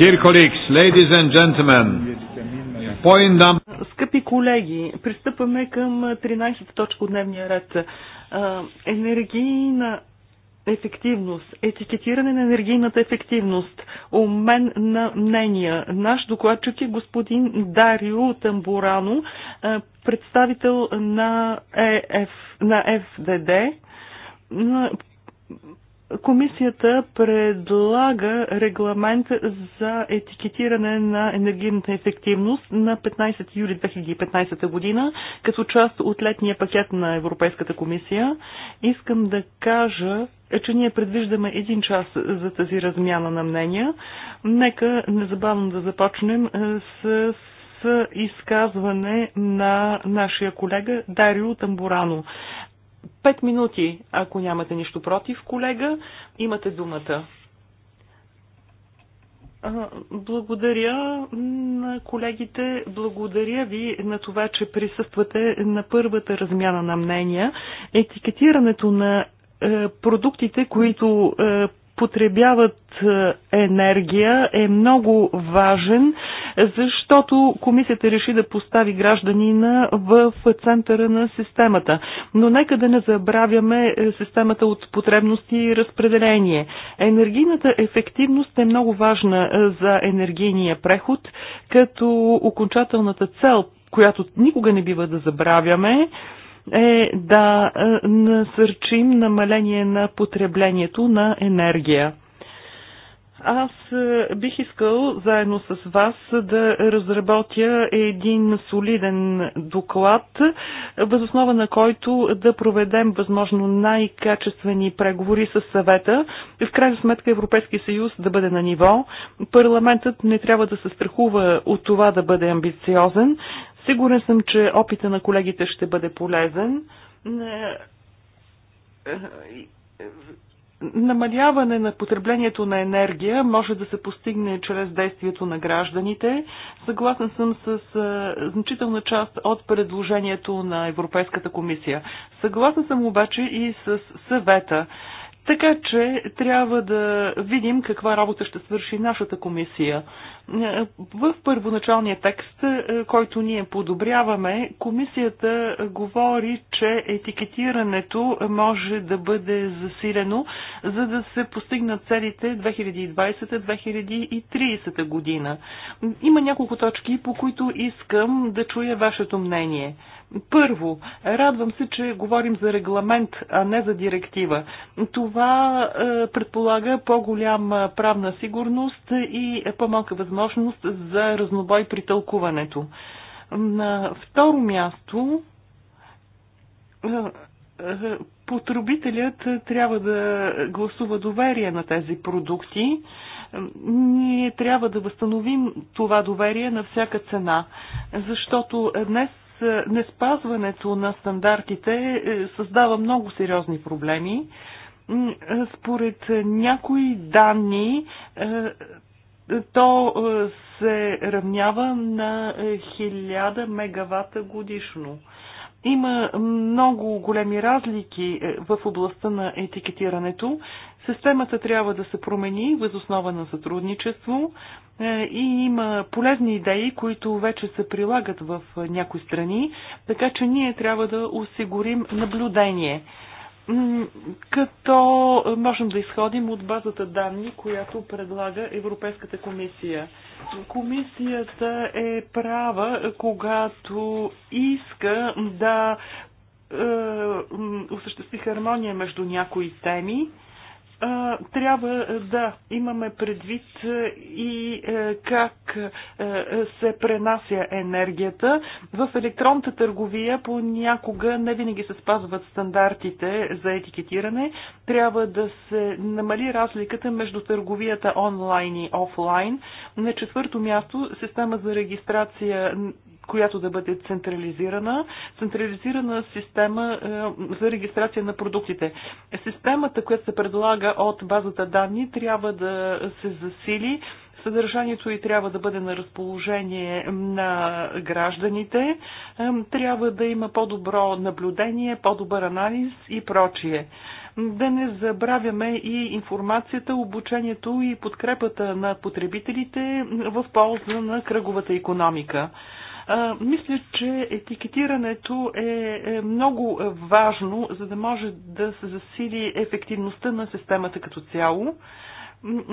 Dear colleagues, ladies and gentlemen, point Скъпи колеги, пристъпваме към 13 точка от дневния ред. Енергийна ефективност, етикетиране на енергийната ефективност, обмен на мнения. Наш докладчик е господин Дарио Тамбурано, представител на, е ЕФ, на ФДД Комисията предлага регламент за етикетиране на енергийната ефективност на 15 юли 2015 година, като част от летния пакет на Европейската комисия. Искам да кажа, е, че ние предвиждаме един час за тази размяна на мнения. Нека незабавно да започнем е, с изказване на нашия колега Дарио Тамбурано. Пет минути, ако нямате нищо против, колега, имате думата. Благодаря на колегите, благодаря ви на това, че присъствате на първата размяна на мнения. Етикетирането на е, продуктите, които е, употребяват е, енергия е много важен, защото комисията реши да постави гражданина в центъра на системата. Но нека да не забравяме е, системата от потребности и разпределение. Енергийната ефективност е много важна е, за енергийния преход, като окончателната цел, която никога не бива да забравяме, е да е, насърчим намаление на потреблението на енергия. Аз е, бих искал заедно с вас да разработя един солиден доклад, възоснова на който да проведем възможно най-качествени преговори с съвета. В крайна сметка Европейския съюз да бъде на ниво. Парламентът не трябва да се страхува от това да бъде амбициозен, Сигурен съм, че опита на колегите ще бъде полезен. Е, е, е, намаляване на потреблението на енергия може да се постигне чрез действието на гражданите. Съгласен съм с значителна част от предложението на Европейската комисия. Съгласен съм обаче и с съвета. Така че трябва да видим каква работа ще свърши нашата комисия. В първоначалния текст, е, който ние подобряваме, комисията говори, че етикетирането може да бъде засилено, за да се постигнат целите 2020-2030 година. Има няколко точки, по които искам да чуя вашето мнение. Първо, радвам се, че говорим за регламент, а не за директива. Това е, предполага по-голяма правна сигурност и по-малка възможност възможност за разнобой при тълкуването. На второ място, е, е, потребителят трябва да гласува доверие на тези продукти. Ние трябва да възстановим това доверие на всяка цена, защото днес е, неспазването на стандартите създава много сериозни проблеми. Според някои данни то е, се равнява на 1000 мегавата годишно. Има много големи разлики е, в областта на етикетирането. Системата трябва да се промени въз основа на сътрудничество е, и има полезни идеи, които вече се прилагат в някои страни, така че ние трябва да осигурим наблюдение като можем да изходим от базата данни, която предлага Европейската комисия. Комисията е права, когато иска да е, осъществи хармония между някои теми, трябва да имаме предвид и как се пренася енергията. В електронната търговия понякога не винаги се спазват стандартите за етикетиране. Трябва да се намали разликата между търговията онлайн и офлайн. На четвърто място, система за регистрация която да бъде централизирана, централизирана система е, за регистрация на продуктите. Системата, която се предлага от базата данни, трябва да се засили. Съдържанието и трябва да бъде на разположение на гражданите, е, трябва да има по-добро наблюдение, по-добър анализ и прочие. Да не забравяме и информацията, обучението и подкрепата на потребителите в полза на кръговата економика. Мисля, че етикетирането е, е много важно, за да може да се засили ефективността на системата като цяло.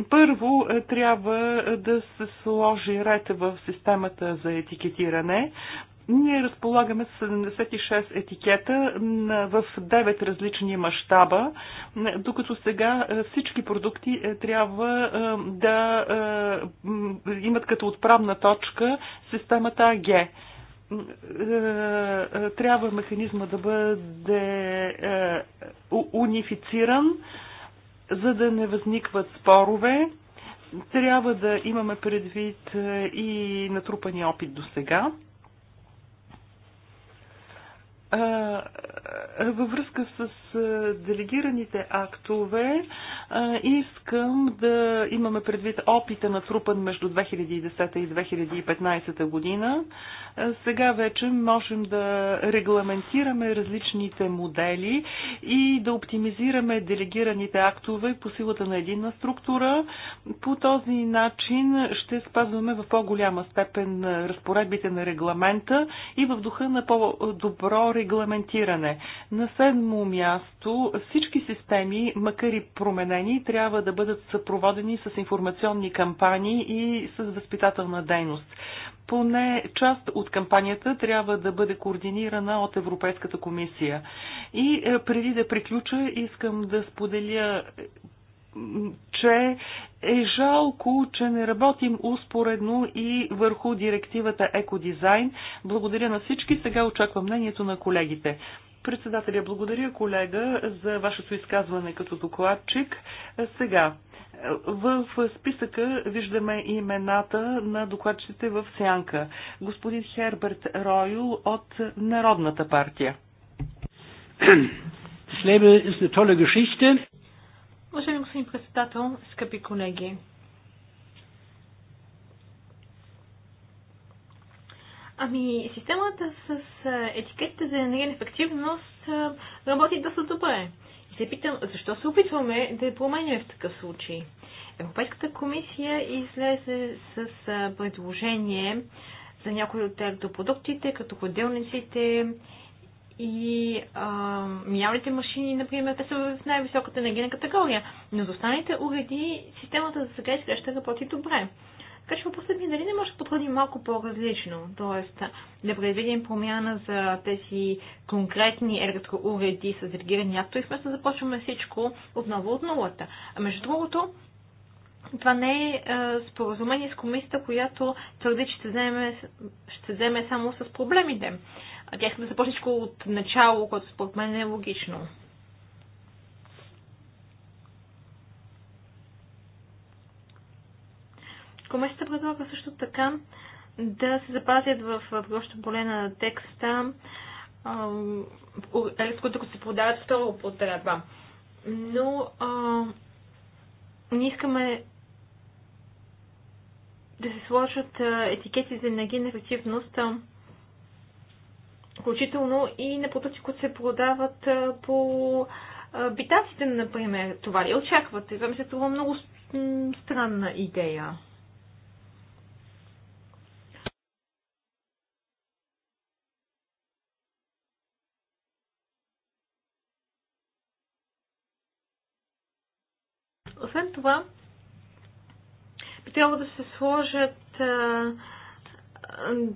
Първо е, трябва да се сложи ред в системата за етикетиране. Ние разполагаме 76 етикета в 9 различни мащаба, докато сега е, всички продукти е, трябва е, да имат като отправна точка системата АГ трябва механизма да бъде унифициран, за да не възникват спорове. Трябва да имаме предвид и натрупания опит до сега във връзка с делегираните актове искам да имаме предвид опита на трупан между 2010 и 2015 година. Сега вече можем да регламентираме различните модели и да оптимизираме делегираните актове по силата на единна структура. По този начин ще спазваме в по-голяма степен разпоредбите на регламента и в духа на по-добро регламентиране. На седмо място всички системи, макар и променени, трябва да бъдат съпроводени с информационни кампании и с възпитателна дейност. Поне част от кампанията трябва да бъде координирана от Европейската комисия. И е, преди да приключа, искам да споделя че е жалко, че не работим успоредно и върху директивата екодизайн. Благодаря на всички. Сега очаквам мнението на колегите. Председателя, благодаря колега за вашето изказване като докладчик. Сега, в списъка виждаме имената на докладчите в сянка. Господин Херберт Ройл от Народната партия. Das Label ist Geschichte. Уважаеми господин председател, скъпи колеги, Ами, системата с етикетите за енергийна ефективност работи доста добре. И се питам, защо се опитваме да я променяме в такъв случай? Европейската комисия излезе с предложение за някои от продуктите, като ходилниците и а, машини, например, те са в най-високата енергийна категория. Но за останалите уреди системата за сега ще работи добре. Така че въпросът ми е, дали не може да подходим малко по-различно, т.е. да предвидим промяна за тези конкретни електроуреди с делегирани актори, вместо да започваме всичко отново от нулата. А между другото, това не е, споразумение с комисията, която твърди, че ще вземе, ще вземе само с проблемите а тяхме да започне от начало, което според мен е логично. Комисията предлага също така да се запазят в грощо поле на текста с които се продават втора употреба. Но а, не искаме да се сложат етикети за енергийна ефективност а, включително и на продукти, които се продават по битаците, например. Това ли очаквате? Това ми се струва много странна идея. Освен това, би трябвало да се сложат а,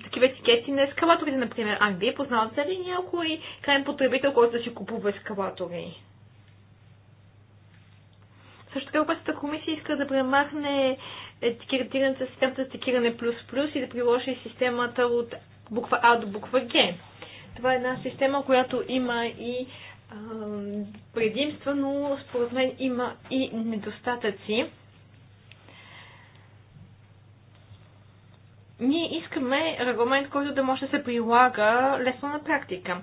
такива етикети на ескалаторите, например. вие познавате ли някой крайен потребител, който да си купува ескалатори? Също така Европейската комисия иска да премахне етикетирането системата за етикиране плюс плюс и да приложи системата от буква А до буква Г. Това е една система, която има и предимства, но според мен има и недостатъци. ние искаме регламент, който да може да се прилага лесно на практика.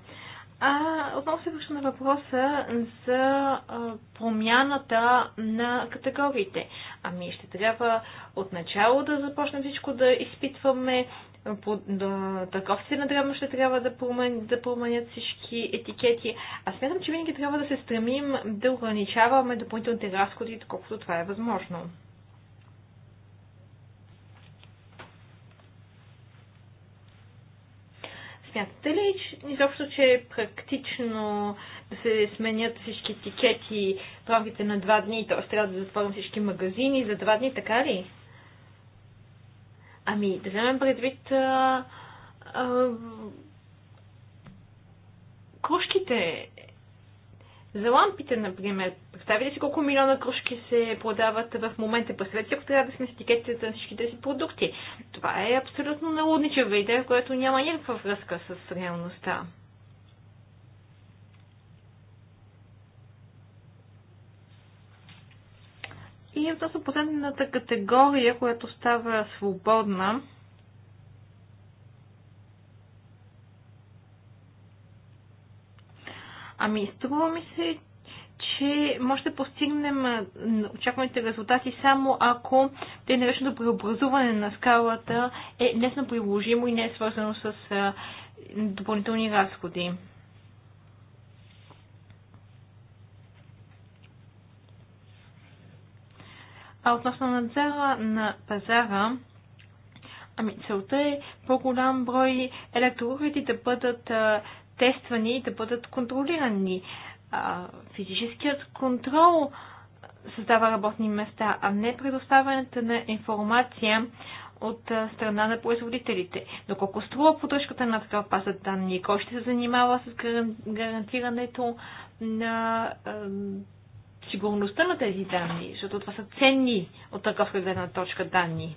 А, отново се връщам на въпроса за а, промяната на категориите. Ами ще трябва отначало да започнем всичко да изпитваме. По, да, търговците на древно ще трябва да, промен, да променят всички етикети. Аз смятам, че винаги трябва да се стремим да ограничаваме допълнителните разходи, доколкото това е възможно. Смятате ли изобщо, че е практично да се сменят всички етикети в рамките на два дни, т.е. трябва да затворим всички магазини за два дни, така ли? Ами, да вземем предвид а, а, кошките за лампите, например. Представите си колко милиона кружки се продават в момента. Представете ако трябва да сме с етикетите на всички тези продукти. Това е абсолютно налудничева идея, която няма никаква връзка с реалността. И относно последната категория, която става свободна, Ами, струва ми се, че може да постигнем очакваните резултати само ако те нареченото преобразуване на скалата е лесно приложимо и не е свързано с допълнителни разходи. А относно надзора на пазара, ами целта е по-голям брой електроуреди да бъдат а, тествани и да бъдат контролирани. А, физическият контрол създава работни места, а не предоставянето на информация от страна на производителите. Но колко струва поддръжката на такава база данни? Кой ще се занимава с гарантирането на сигурността на тези данни? Защото това са ценни от такава гледна точка данни.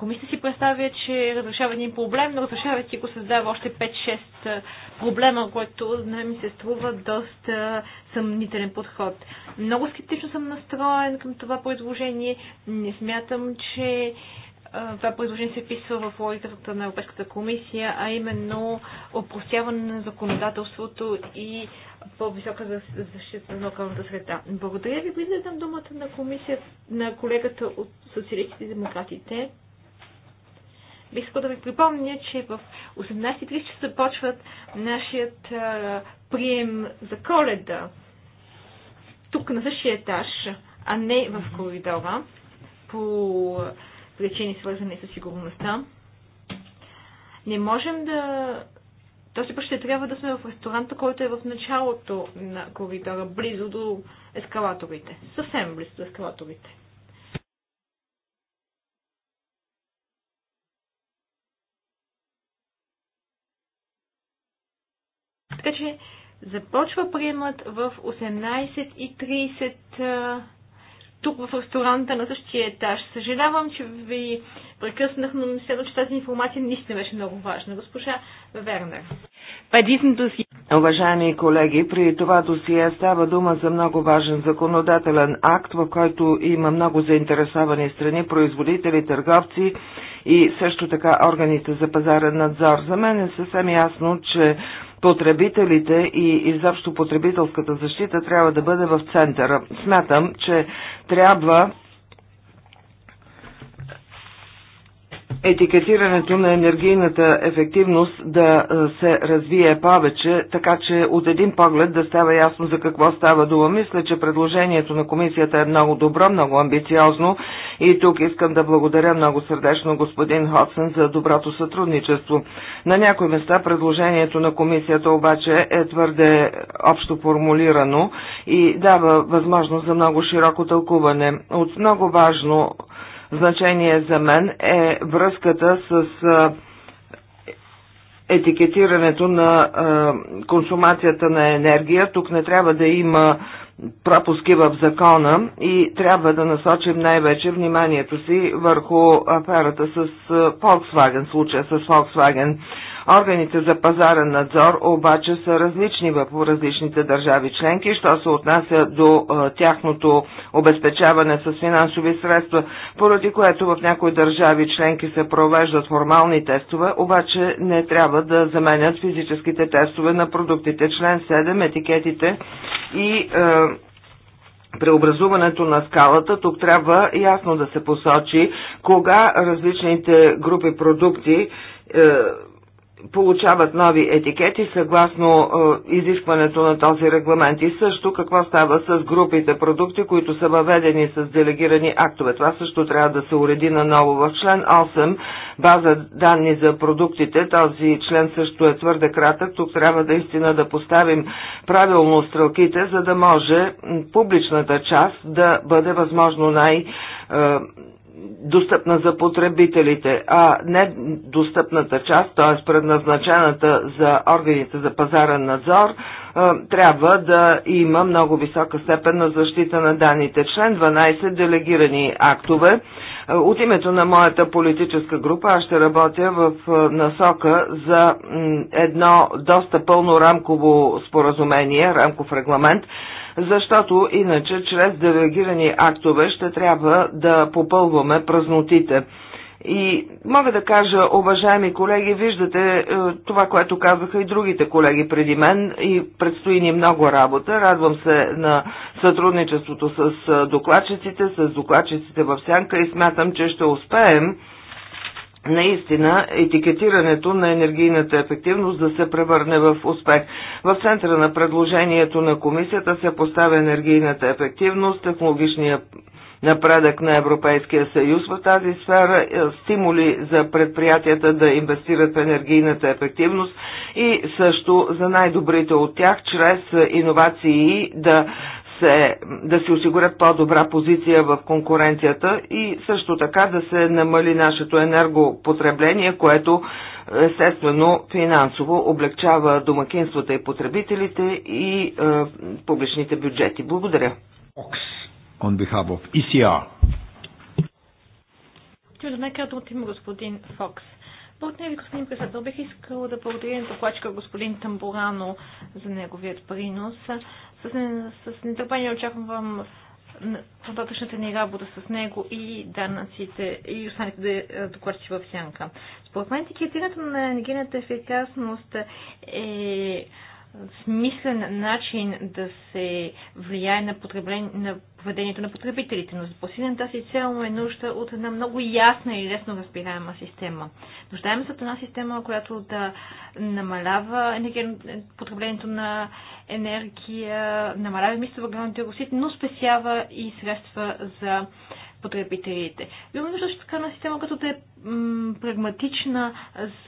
Комисията си представя, че разрешава един проблем, но разрешавайки го създава още 5-6 проблема, което не ми се струва доста съмнителен подход. Много скептично съм настроен към това предложение. Не смятам, че това предложение се вписва в логиката на Европейската комисия, а именно опростяване на законодателството и по-висока защита на околната среда. Благодаря ви, близо дам думата на комисия, на колегата от социалистите и демократите. Бих искал да ви припомня, че в 18.30 часа започват нашият прием за коледа. Тук на същия етаж, а не в коридора, по причини свързани с сигурността. Не можем да този път ще трябва да сме в ресторанта, който е в началото на коридора, близо до ескалаторите. Съвсем близо до ескалаторите. Така че започва приемат в 18.30 тук в ресторанта на същия етаж. Съжалявам, че ви прекъснах, но следва, че тази информация наистина беше много важна. Госпожа Вернер. Уважаеми колеги, при това досие става дума за много важен законодателен акт, в който има много заинтересовани страни, производители, търговци и също така органите за пазарен надзор. За мен е съвсем ясно, че потребителите и изобщо потребителската защита трябва да бъде в центъра. Смятам, че трябва етикетирането на енергийната ефективност да се развие повече, така че от един поглед да става ясно за какво става дума. Мисля, че предложението на комисията е много добро, много амбициозно и тук искам да благодаря много сърдечно господин Хотсен за доброто сътрудничество. На някои места предложението на комисията обаче е твърде общо формулирано и дава възможност за много широко тълкуване. От много важно значение за мен е връзката с етикетирането на консумацията на енергия. Тук не трябва да има пропуски в закона и трябва да насочим най-вече вниманието си върху аферата с Volkswagen, случая с Volkswagen. Органите за пазарен надзор обаче са различни в различните държави членки, що се отнася до тяхното обезпечаване с финансови средства, поради което в някои държави членки се провеждат формални тестове, обаче не трябва да заменят физическите тестове на продуктите. Член 7, етикетите и преобразуването на скалата, тук трябва ясно да се посочи кога различните групи продукти е, получават нови етикети съгласно е, изискването на този регламент и също какво става с групите продукти, които са въведени с делегирани актове. Това също трябва да се уреди наново в член 8, база данни за продуктите. Този член също е твърде кратък. Тук трябва да истина да поставим правилно стрелките, за да може публичната част да бъде възможно най- е, достъпна за потребителите, а не достъпната част, т.е. предназначената за органите за пазарен надзор, е, трябва да има много висока степен на защита на данните. Член 12 делегирани актове. От името на моята политическа група аз ще работя в е, насока за едно доста пълно рамково споразумение, рамков регламент, защото иначе чрез делегирани актове ще трябва да попълваме празнотите. И мога да кажа, уважаеми колеги, виждате е, това, което казаха и другите колеги преди мен и предстои ни много работа. Радвам се на сътрудничеството с е, докладчиците, с докладчиците в Сянка и смятам, че ще успеем наистина етикетирането на енергийната ефективност да се превърне в успех. В центъра на предложението на комисията се поставя енергийната ефективност, технологичния напредък на Европейския съюз в тази сфера, е, стимули за предприятията да инвестират в енергийната ефективност и също за най-добрите от тях чрез иновации да се, да се осигурят по-добра позиция в конкуренцията и също така да се намали нашето енергопотребление, което естествено финансово облегчава домакинствата и потребителите и е, публичните бюджети. Благодаря. On behalf of ECR. господин Фокс. Благодаря ви, господин председател. Бих искала да благодаря на докладчика господин Тамбурано за неговият принос. С, с нетърпение очаквам нататъчната ни работа с него и данъците и останалите е, докладчи в сянка. Според мен етикетирането на енергийната ефикасност е смислен начин да се влияе на, потребление, на поведението на потребителите, но за постигане тази цел е нужда от една много ясна и лесно разбираема система. Нуждаем се от една система, която да намалява енерген... потреблението на енергия, намалява мисто въглеродните оксид, но спесява и средства за потребителите. Имаме също така на система, като да е прагматична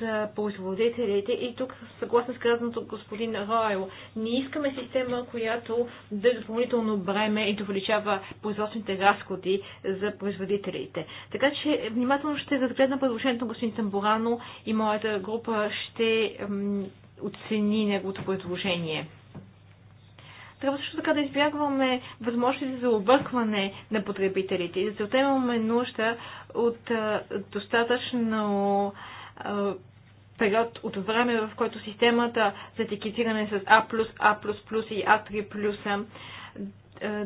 за производителите и тук съгласна с казаното господин Ройл. Не искаме система, която да е допълнително бреме и да увеличава производствените разходи за производителите. Така че внимателно ще разгледам предложението на господин Тамбурано и моята група ще оцени неговото предложение. Трябва също така да избягваме възможности за объркване на потребителите. И да се отнемаме нужда от достатъчно период от време, в който системата за етикетиране с А+, А++ и А3+, да,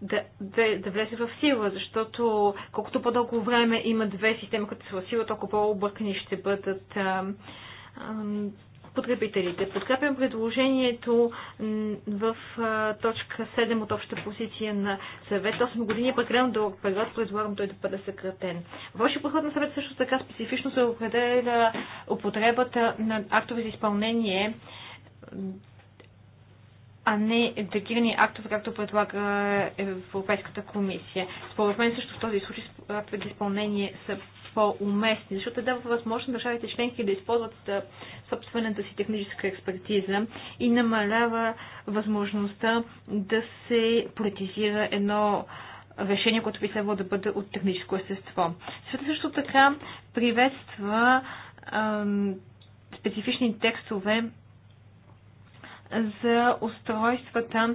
да, да, да влезе в сила, защото колкото по-дълго време има две системи, които са в сила, толкова по-объркани ще бъдат а, а, потребителите. Подкрепям предложението в точка 7 от общата позиция на съвет. 8 години е прекалено дълъг период, предлагам той да бъде съкратен. Вашия подход на съвет също така специфично се определя употребата на актове за изпълнение а не интегрирани актове, както предлага Европейската комисия. Според мен също в този случай актове за изпълнение са по-уместни, защото дава възможност държавите членки да използват собствената си техническа експертиза и намалява възможността да се политизира едно решение, което би следвало да бъде от техническо естество. Света също така приветства специфични текстове за устройствата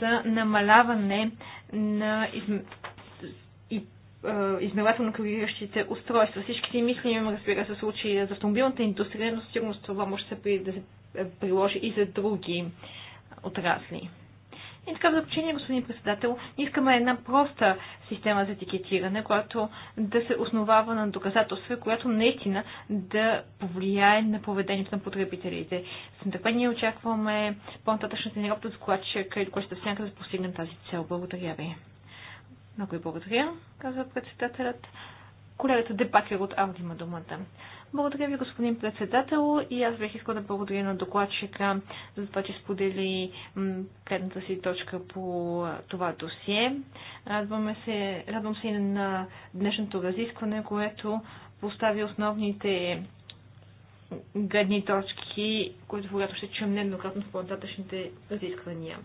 за намаляване на изм... и е, измервателно калибриращите устройства. Всички си мислим, разбира се, случаи за автомобилната индустрия, но сигурно това може да се, при, да се е, приложи и за други отрасли. И така в заключение, господин председател, искаме една проста система за етикетиране, която да се основава на доказателства, която наистина да повлияе на поведението на потребителите. С нетърпение очакваме по-нататъчната ни работа с която ще докладчета сянка да постигнем тази цел. Благодаря ви. Много ви благодаря, казва председателят. Колегата Депакер от Ауди има думата. Благодаря ви, господин председател. И аз бих искал да благодаря на докладчика за това, че сподели кредната си точка по това досие. Радваме се, радвам се и на днешното разискване, което постави основните гледни точки, които когато ще чуем нееднократно в по-нататъчните разисквания.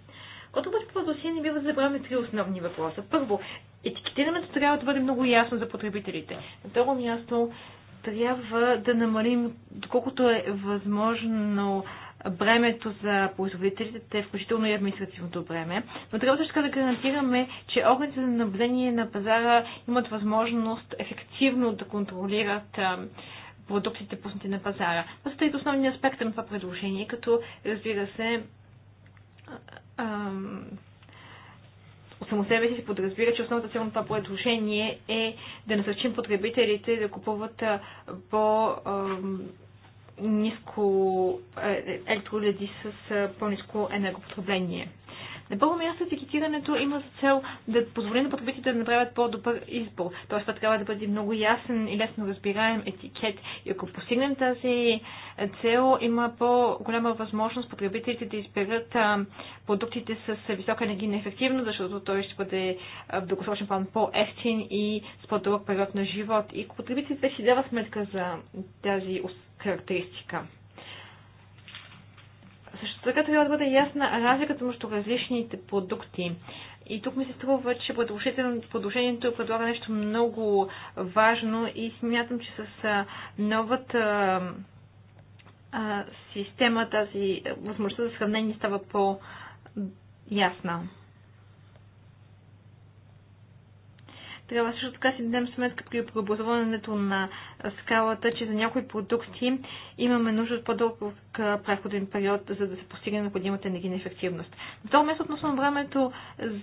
Когато обаче това не бива да забравяме три основни въпроса. Първо, етикетирането трябва да бъде много ясно за потребителите. На второ място, трябва да намалим, доколкото е възможно, бремето за производителите, включително и административното бреме, но трябва също така да гарантираме, че органите за наблюдение на пазара имат възможност ефективно да контролират продуктите, пуснати на пазара. Това са основни аспекти на това предложение, като, разбира се, само себе си се подразбира, че основната цел на това предложение е да насърчим потребителите да купуват по ниско е, е, електроледи с по низко енергопотребление. На първо място етикетирането има за цел да позволи на потребителите да направят по-добър избор. Тоест това трябва да бъде много ясен и лесно разбираем етикет. И ако постигнем тази цел, има по-голяма възможност потребителите да изберат продуктите с висока енергийна ефективност, защото той ще бъде в дългосрочен план по-ефтин и с по-дълъг период на живот. И потребителите си дават сметка за тази характеристика. Също така трябва да бъде ясна разликата между различните продукти. И тук ми се струва, че предложението предлага нещо много важно и смятам, че с новата система тази възможността за сравнение става по-ясна. Трябва също така си дадем сметка при преобразуването на скалата, че за някои продукти имаме нужда от по-дълъг преходен период, за да се постигне необходимата енергийна ефективност. На това място относно времето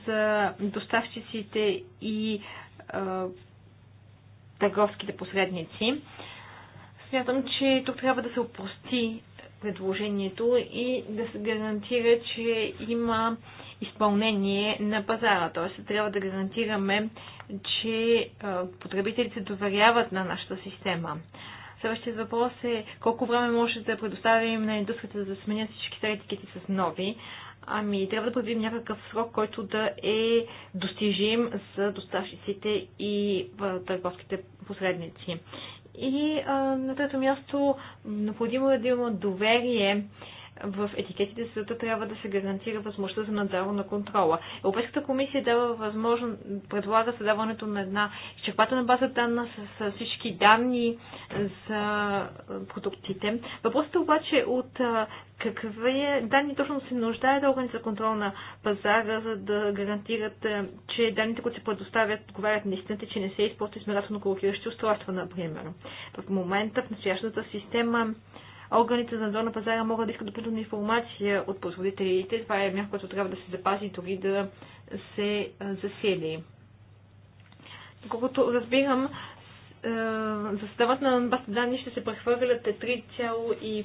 за доставчиците и а, търговските посредници, смятам, че тук трябва да се опрости предложението и да се гарантира, че има а, изпълнение на пазара. Т.е. трябва да гарантираме, че потребителите доверяват на нашата система. Следващият въпрос е колко време може да предоставим на индустрията да сменят всички етикети с нови. Ами, трябва да предвидим някакъв срок, който да е достижим за доставчиците и търговските посредници. И а, на трето място, необходимо е да има доверие в етикетите съда трябва да се гарантира възможността за надзор на контрола. Европейската комисия дава възможно, предлага създаването на една изчерпателна база данна с, с всички данни за продуктите. Въпросът е обаче от какви данни точно се нуждаят да органи за контрол на пазара, за да гарантират, че данните, които се предоставят, отговарят на истината, че не се използват измерателно колокиращи устройства, например. В момента в настоящата система органите за надзор на пазара могат да искат допълнителна информация от производителите. Това е мярка, която трябва да се запази, дори да се е, засили. Колкото разбирам, е, застават на базата данни ще се прехвърлят 3,5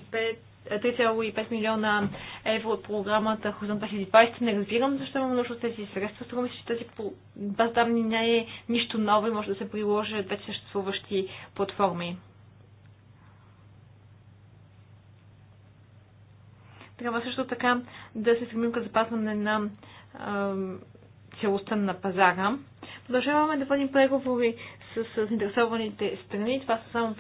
3,5 е, милиона евро от програмата Хоризонт 2020. Не разбирам защо имам нужда от тези средства. Струва се, че тази база данни не е нищо ново и може да се приложи вече съществуващи платформи. Трябва също така да се стремим към запазване на целостта на пазара. Продължаваме да водим преговори с, заинтересованите страни. Това са само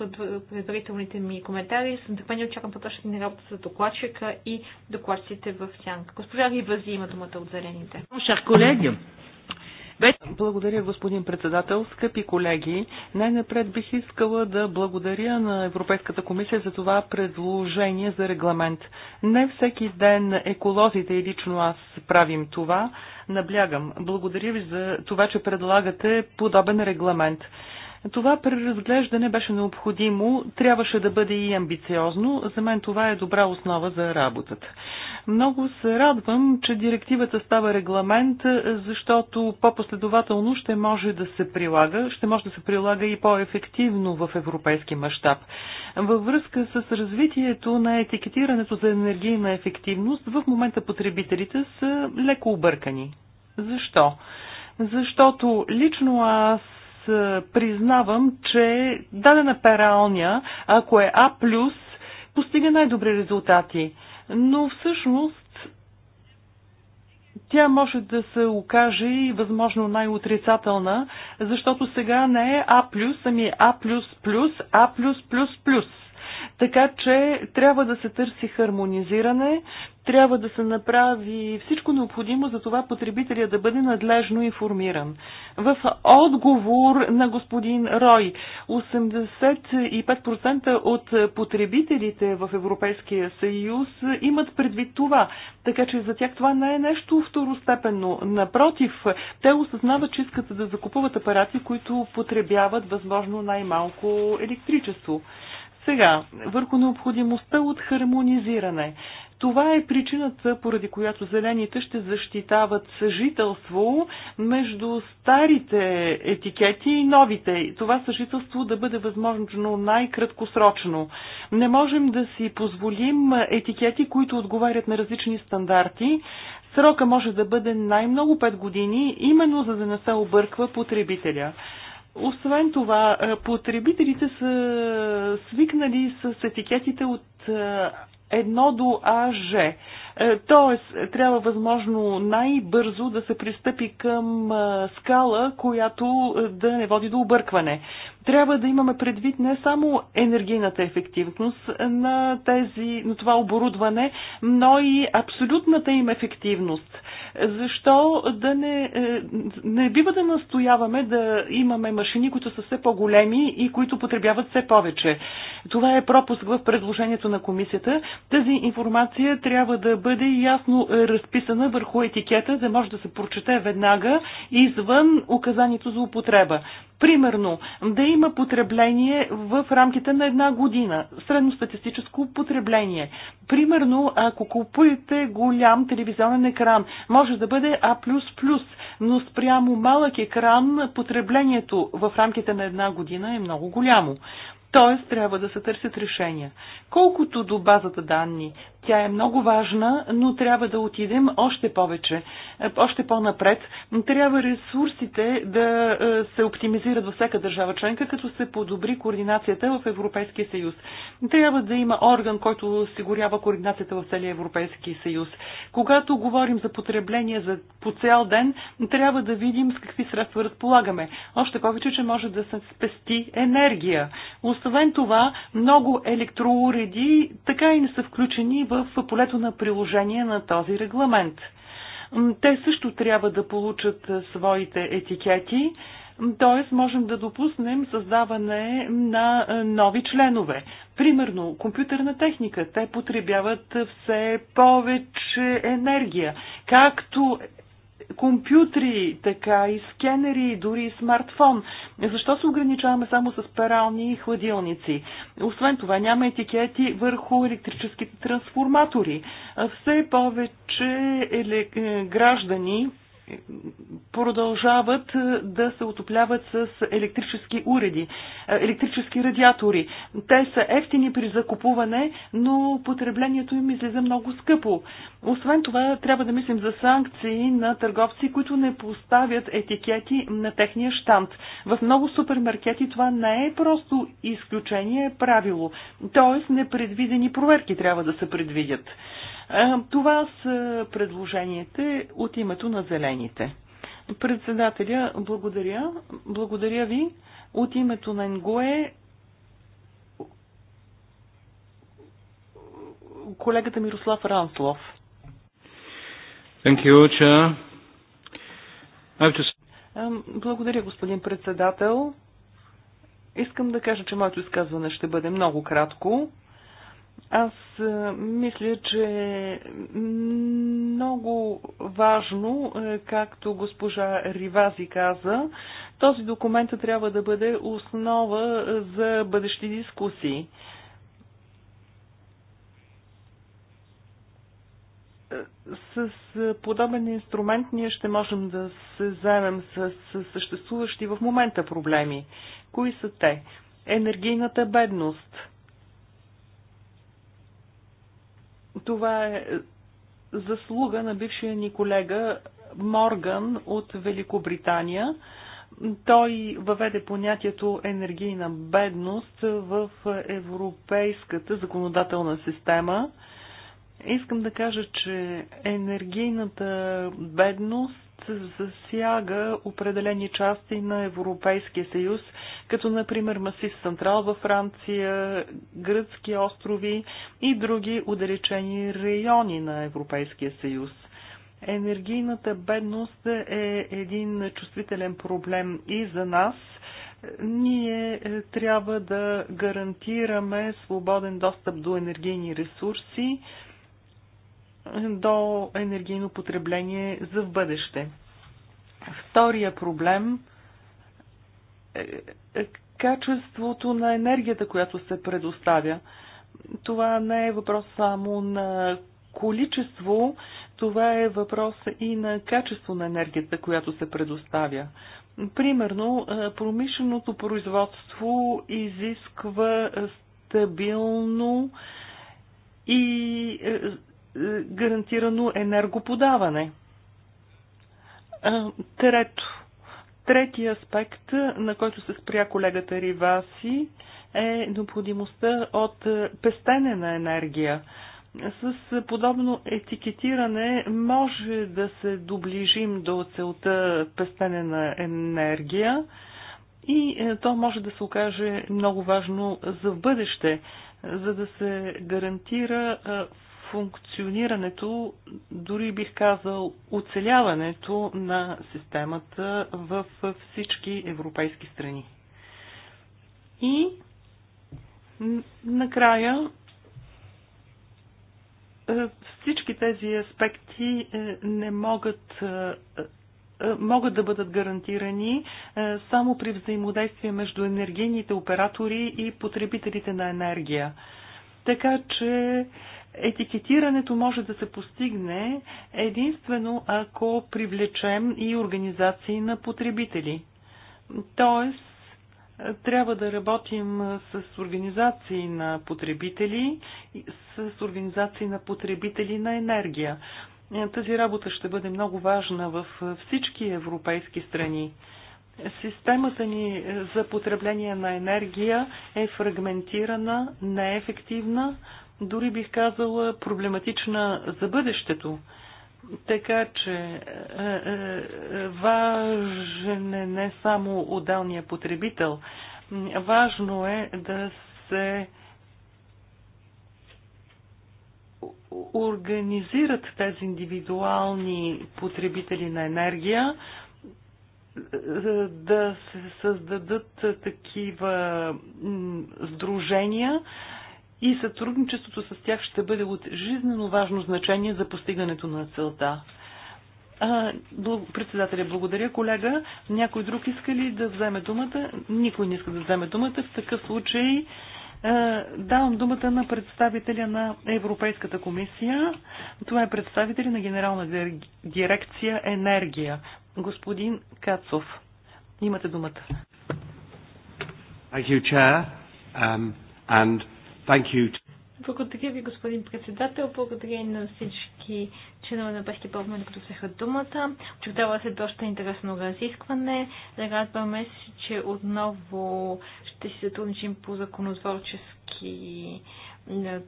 предварителните ми коментари. С нетърпение очаквам по-точната ни работа за докладчика и докладците в сянка. Госпожа Ривази има думата от зелените. Шар колеги, благодаря, господин председател. Скъпи колеги, най-напред бих искала да благодаря на Европейската комисия за това предложение за регламент. Не всеки ден еколозите и лично аз правим това. Наблягам. Благодаря ви за това, че предлагате подобен регламент. Това преразглеждане беше необходимо, трябваше да бъде и амбициозно. За мен това е добра основа за работата. Много се радвам, че директивата става регламент, защото по-последователно ще може да се прилага, ще може да се прилага и по-ефективно в европейски мащаб. Във връзка с развитието на етикетирането за енергийна ефективност, в момента потребителите са леко объркани. Защо? Защото лично аз е, признавам, че дадена пералня, ако е А+, постига най-добри резултати. Но всъщност тя може да се окаже и възможно най-отрицателна, защото сега не е А+, ами А++, А++++. Така че трябва да се търси хармонизиране, трябва да се направи всичко необходимо за това потребителя да бъде надлежно информиран. В отговор на господин Рой, 85% от потребителите в Европейския съюз имат предвид това, така че за тях това не е нещо второстепенно. Напротив, те осъзнават, че искат да закупуват апарати, които потребяват възможно най-малко електричество. Сега, върху необходимостта от хармонизиране. Това е причината, поради която зелените ще защитават съжителство между старите етикети и новите. Това съжителство да бъде възможно най-краткосрочно. Не можем да си позволим етикети, които отговарят на различни стандарти. Срока може да бъде най-много 5 години, именно за да не се обърква потребителя. Освен това, е, потребителите са свикнали с етикетите от 1 е, до АЖ. Е, тоест, трябва възможно най-бързо да се пристъпи към е, скала, която е, да не води до объркване. Трябва да имаме предвид не само енергийната ефективност на, тези, на това оборудване, но и абсолютната им ефективност. Защо да не, не бива да настояваме да имаме машини, които са все по-големи и които потребяват все повече? Това е пропуск в предложението на комисията. Тази информация трябва да бъде ясно е, разписана върху етикета, да може да се прочете веднага извън указанието за употреба. Примерно, да има потребление в рамките на една година, средностатистическо потребление. Примерно, ако купуете голям телевизионен екран, може да бъде А++, но спрямо малък екран потреблението в рамките на една година е много голямо. Т.е. трябва да се търсят решения. Колкото до базата данни, тя е много важна, но трябва да отидем още повече, е, още по-напред. Трябва ресурсите да е, се оптимизират във всяка държава членка, като се подобри координацията в Европейския съюз. Трябва да има орган, който осигурява координацията в целия Европейски съюз. Когато говорим за потребление за по цял ден, трябва да видим с какви средства разполагаме. Още повече, че може да се спести енергия. Освен това, много електроуреди така и не са включени в полето на приложение на този регламент. Те също трябва да получат своите етикети, т.е. можем да допуснем създаване на нови членове. Примерно, компютърна техника. Те потребяват все повече енергия, както компютри, така и скенери, дори и смартфон. Защо се ограничаваме само с перални и хладилници? Освен това, няма етикети върху електрическите трансформатори. Все повече граждани продължават е, да се отопляват с електрически уреди, е, електрически радиатори. Те са ефтини при закупуване, но потреблението им излиза много скъпо. Освен това, трябва да мислим за санкции на търговци, които не поставят етикети на техния штант. В много супермаркети това не е просто изключение, е правило. Тоест, непредвидени проверки трябва да се предвидят. Е, това са предложенията от името на зелените. Председателя, благодаря. Благодаря ви. От името на НГОЕ колегата Мирослав Ранслов. Thank you, Chair. Just... Е, благодаря, господин председател. Искам да кажа, че моето изказване ще бъде много кратко. Аз мисля, че е много важно, е, както госпожа Ривази каза, този документ трябва да бъде основа е, за бъдещи дискусии. Е, с подобен инструмент ние ще можем да се заемем с съществуващи в момента проблеми. Кои са те? Енергийната бедност – Това е заслуга на бившия ни колега Морган от Великобритания. Той въведе понятието енергийна бедност в европейската законодателна система. Искам да кажа, че енергийната бедност засяга определени части на Европейския съюз, като например Масив Централ във Франция, гръцки острови и други удалечени райони на Европейския съюз. Енергийната бедност е един чувствителен проблем и за нас. Ние е, трябва да гарантираме свободен достъп до енергийни ресурси, до енергийно потребление за в бъдеще. Втория проблем е, е качеството на енергията, която се предоставя. Това не е въпрос само на количество, това е въпрос и на качество на енергията, която се предоставя. Примерно, е, промишленото производство изисква стабилно и е, е, гарантирано енергоподаване. Трето. Третия аспект, на който се спря колегата Риваси, е необходимостта от пестене на енергия. С подобно етикетиране може да се доближим до целта пестене на енергия и е, то може да се окаже много важно за в бъдеще, за да се гарантира е, функционирането, дори бих казал оцеляването на системата в всички европейски страни. И накрая е, всички тези аспекти е, не могат е, могат да бъдат гарантирани само при взаимодействие между енергийните оператори и потребителите на енергия. Така че Етикетирането може да се постигне единствено ако привлечем и организации на потребители. Тоест, трябва да работим с организации на потребители, с организации на потребители на енергия. Тази работа ще бъде много важна в всички европейски страни. Системата ни за потребление на енергия е фрагментирана, неефективна, дори бих казала проблематична за бъдещето. Така че е, е, е, важен е не само отдалния потребител, важно е да се организират тези индивидуални потребители на енергия, е, да се създадат такива сдружения, и сътрудничеството с тях ще бъде от жизненно важно значение за постигането на целта. Председателя, благодаря, колега. Някой друг иска ли да вземе думата? Никой не иска да вземе думата. В такъв случай давам думата на представителя на Европейската комисия. Това е представители на Генерална дирекция енергия. Господин Кацов, имате думата. Thank you, Chair. Um, and Thank you. Благодаря ви, господин председател. Благодаря и на всички членове на Европейския парламент, които взеха думата. Очертава се доста интересно разискване. Радваме се, че отново ще си сътрудничим по законотворчески е,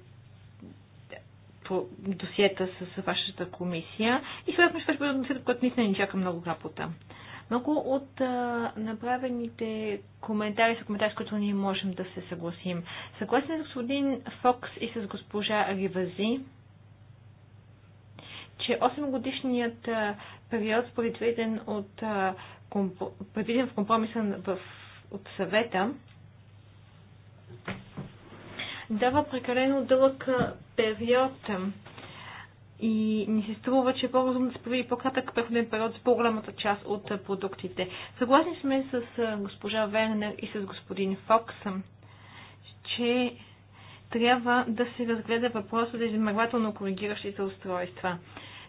по досиета с вашата комисия. И смятам, ще бъде досиета, която наистина ни чака много работа. Много от а, направените коментари са коментари, с които ние можем да се съгласим. Съгласен е с господин Фокс и с госпожа Ривази, че 8 годишният период, предвиден, от, предвиден в компромиса в, от съвета, дава прекалено дълъг период и ни се струва, че е по-разумно да се прави по-кратък преходен период с по-голямата част от продуктите. Съгласни сме с госпожа Вернер и с господин Фокс, че трябва да се разгледа въпроса за измервателно коригиращите устройства.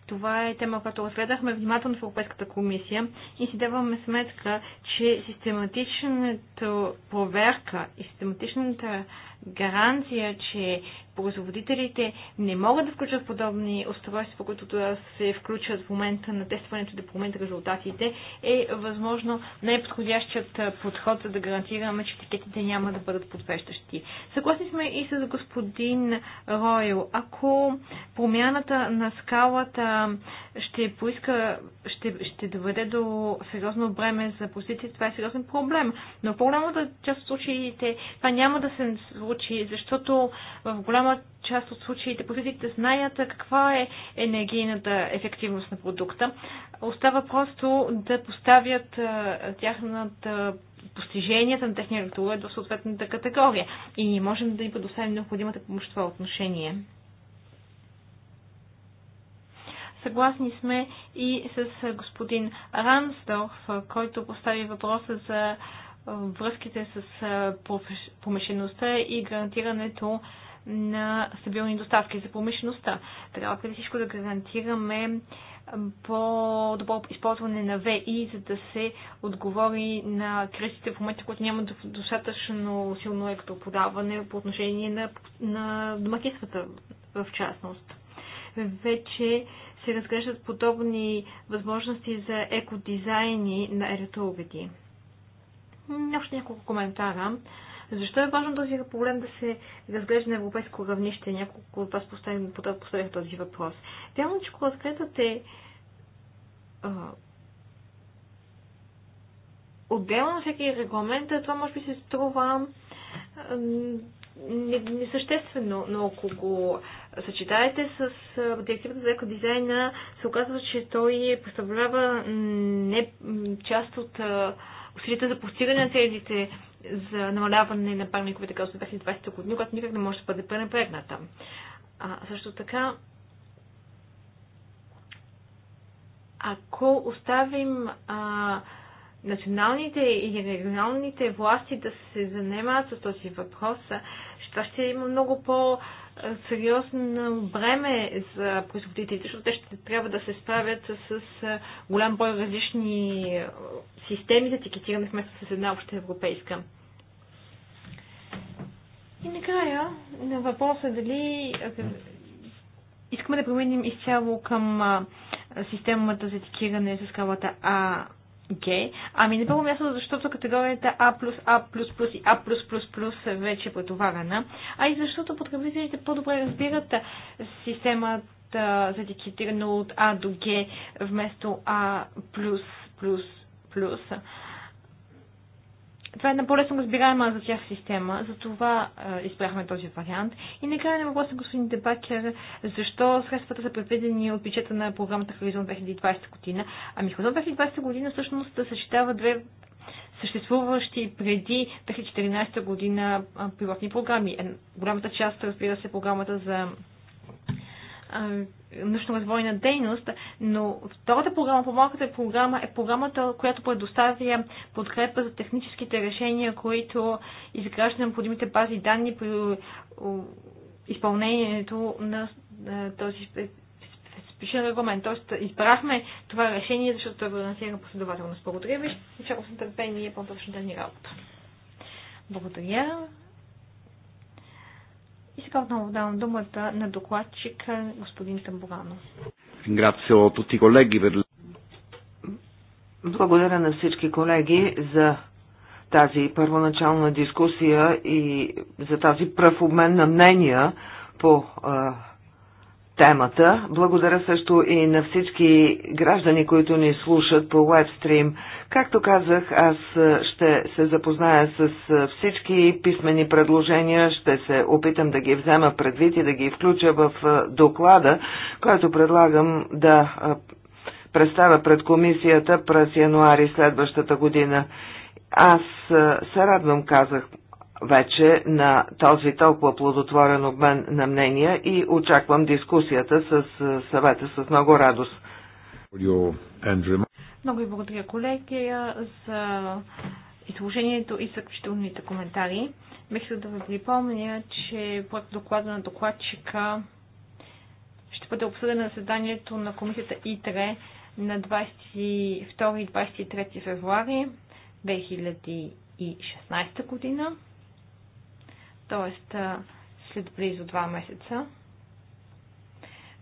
Това е тема, която разгледахме внимателно в Европейската комисия и си даваме сметка, че систематичната проверка и систематичната гаранция, че производителите не могат да включат подобни устройства, които да се включат в момента на тестването да променят резултатите, е възможно най-подходящият подход, за да гарантираме, че етикетите няма да бъдат подвеждащи. Съгласни сме и с господин Ройл. Ако промяната на скалата ще поиска, ще, ще доведе до сериозно бреме за производителите, това е сериозен проблем. Но по-голямата част от случаите това няма да се случи случаи, защото в голяма част от случаите потребителите знаят каква е енергийната ефективност на продукта. Остава просто да поставят тяхната постиженията на техния ритуал до съответната категория и можем да им предоставим необходимата помощ в това отношение. Съгласни сме и с господин Рамсдорф, който постави въпроса за връзките с промишлеността и гарантирането на стабилни доставки за промишлеността. Трябва преди всичко да гарантираме по-добро използване на ВИ, за да се отговори на кризите в момента, които нямат достатъчно силно електроподаване по отношение на, на домакинствата в частност. Вече се разглеждат подобни възможности за екодизайни на електроуреди. Още няколко коментара. Защо е важно този проблем да се разглежда на европейско равнище? Няколко от вас поставих този въпрос. Вярно, че когато разгледате отделно на всеки регламент, това може би се струва несъществено, но ако го съчетаете с директивата за екодизайна, се оказва, че той представлява не част от усилията за постигане на целите за намаляване на парниковите газове 2020 година, която никак не може да бъде пренебрегната. А, също така, ако оставим а, националните и регионалните власти да се занимават с този въпрос, това ще има много по- сериозно бреме за производителите, защото те ще трябва да се справят с голям брой различни е, системи за етикетиране вместо с една обща европейска. И накрая на въпроса дали е, искаме да променим изцяло към е, системата за етикиране с скалата А г. Ами на първо място, защото категорията А плюс А плюс плюс и А плюс плюс плюс вече е претоварена, а и защото потребителите по-добре разбират системата за етикетиране от А до Г вместо А плюс плюс плюс. Това е една по-лесно разбираема за тях система, затова е, избрахме този вариант. И накрая на въпроса, господин Дебакер, защо средствата са предвидени от бюджета на програмата Хоризонт 2020 година? Ами Хоризонт 2020 година всъщност съчетава две съществуващи преди 2014 година пилотни програми. Е, голямата част, разбира се, програмата за научно-развойна дейност, но втората програма, по-малката програма, е програмата, която предоставя подкрепа за техническите решения, които изграждат необходимите бази данни при изпълнението на е, този спешен регламент. Тоест, избрахме това решение, защото той гарантира е последователност. Благодаря ви. Очаквам с нетърпение по точно ни работа. Благодаря. И сега отново давам думата на докладчик господин Тамбогано. Благодаря на всички колеги за тази първоначална дискусия и за тази пръв обмен на мнения по темата. Благодаря също и на всички граждани, които ни слушат по вебстрим. Както казах, аз е, ще се запозная с е, всички писмени предложения, ще се опитам да ги взема предвид и да ги включа в е, доклада, който предлагам да представя пред комисията през януари следващата година. Аз се радвам, казах, вече на този толкова плодотворен обмен на мнения и очаквам дискусията с съвета с много радост. Много ви благодаря, колеги, за изложението и съкрещителните коментари. Бих да ви припомня, че проект доклада на докладчика ще бъде обсъден на заседанието на комисията ИТРЕ на 22 и 23 февруари 2016 година т.е. след близо 2 месеца.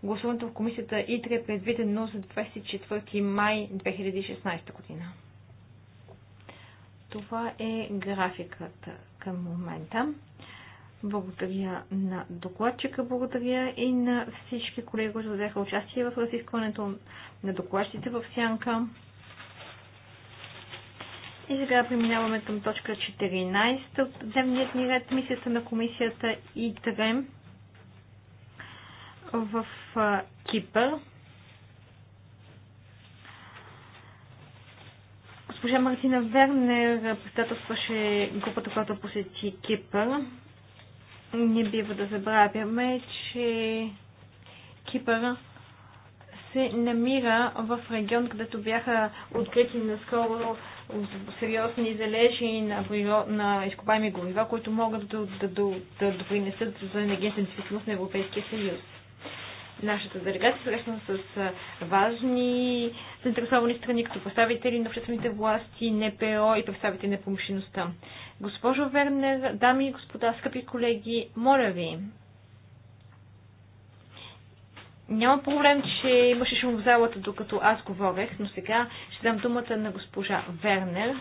Гласуването в комисията ИТРЕ е предвидено за 24 май 2016 година. Това е графикът към момента. Благодаря на докладчика, благодаря и на всички колеги, които взеха участие в разискването на докладчите в Сянка. И сега преминаваме към точка 14 от дневният ни ред, мисията на комисията ИТРЕМ в Кипър. Госпожа Мартина Вернер председателстваше групата, която посети Кипър. Не бива да забравяме, че Кипър се намира в регион, където бяха открити наскоро сериозни залежи на, на изкопаеми горива, които могат да, да, да, да допринесат за енергийната независимост на Европейския съюз. Нашата делегация срещна с важни заинтересовани страни, като представители на обществените власти, НПО и представители на промишлеността. Госпожо Вернер, дами и господа, скъпи колеги, моля ви, няма проблем, че имаше шум в залата, докато аз говорех, но сега ще дам думата на госпожа Вернер.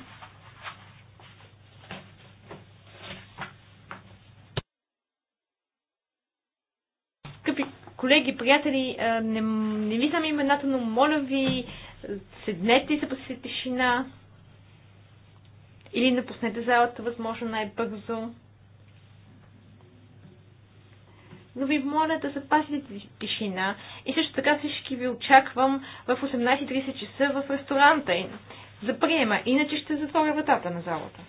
Скъпи колеги, приятели, не, не ви знам имената, но моля ви, седнете и запасите тишина. Или напуснете залата, възможно най-бързо но ви моля да запазите тишина и също така всички ви очаквам в 18.30 часа в ресторанта им за приема, иначе ще затворя вратата на залата.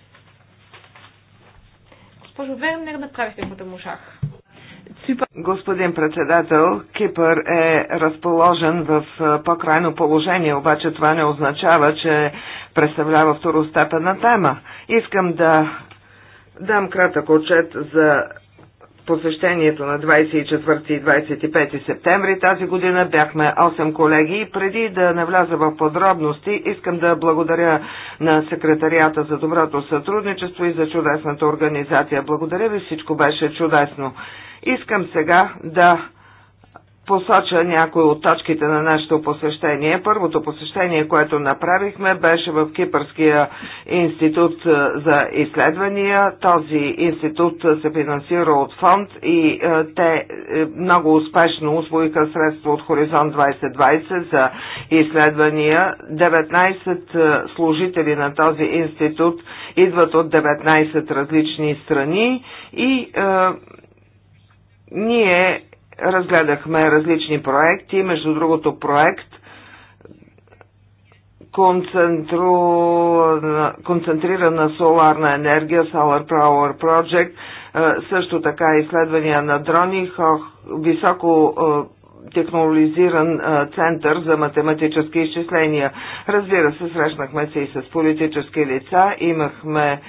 Госпожо Вернер, направихте да му да можах. Господин председател, Кипър е разположен в по-крайно положение, обаче това не означава, че представлява второстепенна тема. Искам да дам кратък отчет за посещението на 24 и 25 септември тази година бяхме 8 колеги преди да навляза в подробности искам да благодаря на секретарията за доброто сътрудничество и за чудесната организация. Благодаря ви, всичко беше чудесно. Искам сега да посоча някои от точките на нашето посещение. Първото посещение, което направихме, беше в Кипърския институт за изследвания. Този институт се финансира от фонд и те е, много успешно освоиха средства от Хоризонт 2020 за изследвания. 19 служители на този институт идват от 19 различни страни и ние разгледахме различни проекти, между другото проект концентру... концентрирана соларна енергия, Solar Power Project, също така изследвания на дрони, високо технологизиран център за математически изчисления. Разбира се, срещнахме се и с политически лица, имахме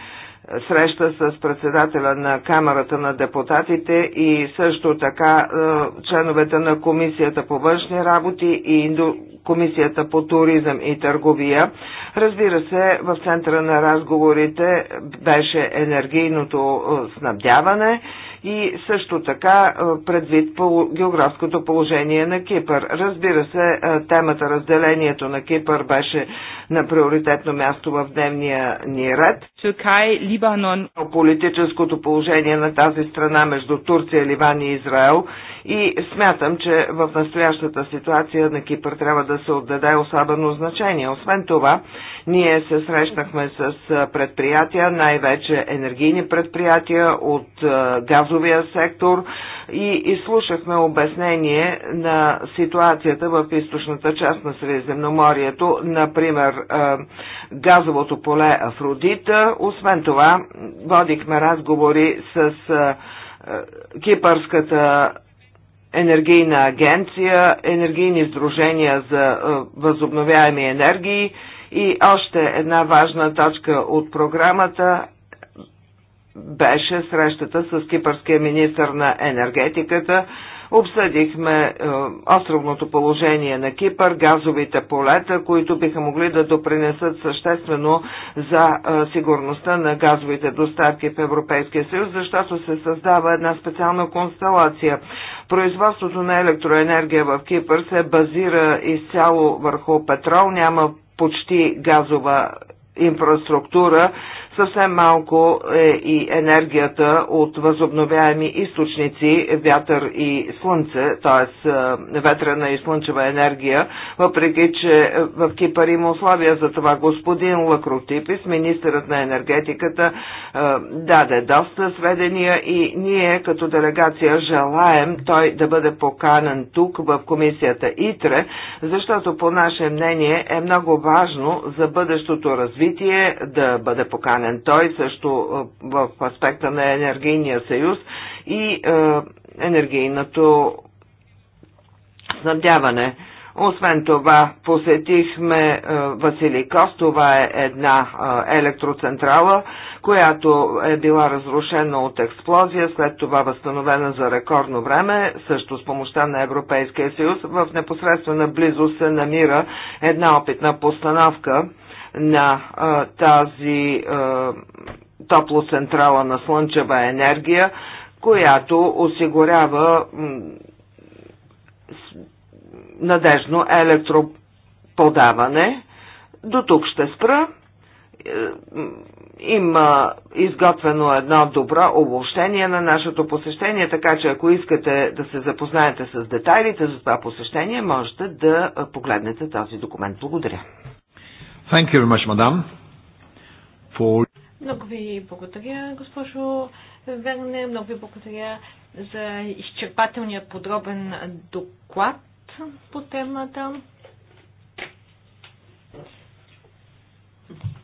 среща с председателя на Камерата на депутатите и също така е, членовете на Комисията по външни работи и Комисията по туризъм и търговия. Разбира се, в центъра на разговорите беше енергийното е, снабдяване и също така предвид по географското положение на Кипър. Разбира се, темата разделението на Кипър беше на приоритетно място в дневния ни ред. Тюркай, Либанон. Политическото положение на тази страна между Турция, Ливан и Израел и смятам, че в настоящата ситуация на Кипър трябва да се отдаде особено значение. Освен това, ние се срещнахме с предприятия, най-вече енергийни предприятия от газовия сектор и изслушахме обяснение на ситуацията в източната част на Средиземноморието, например газовото поле Афродита. Освен това, водихме разговори с Кипърската енергийна агенция, енергийни сдружения за възобновяеми енергии, и още една важна точка от програмата беше срещата с кипърския министр на енергетиката. Обсъдихме е, островното положение на Кипър, газовите полета, които биха могли да допринесат съществено за е, сигурността на газовите доставки в Европейския съюз, защото се създава една специална констелация. Производството на електроенергия в Кипър се базира изцяло върху петрол, няма почти газова инфраструктура, Съвсем малко е и енергията от възобновяеми източници, вятър и слънце, т.е. Е, ветрена и слънчева енергия, въпреки че в Кипър има условия за това. Господин Лакротипис, министърът на енергетиката, е, даде доста сведения и ние като делегация желаем той да бъде поканен тук в комисията ИТРЕ, защото по наше мнение е много важно за бъдещото развитие да бъде поканен актуален той също в аспекта на енергийния съюз и енергийното снабдяване. Освен това, посетихме Василикос, това е една електроцентрала, която е била разрушена от експлозия, след това възстановена за рекордно време, също с помощта на Европейския съюз. В непосредствена близост се намира една опитна постановка на а, тази а, топлоцентрала на слънчева енергия, която осигурява надежно електроподаване. До тук ще спра. Е, има изготвено едно добро обобщение на нашето посещение, така че ако искате да се запознаете с детайлите за това посещение, можете да погледнете този документ. Благодаря. Thank you very much, madam, for... Много ви благодаря, госпожо Верне. Много ви благодаря за изчерпателния подробен доклад по темата.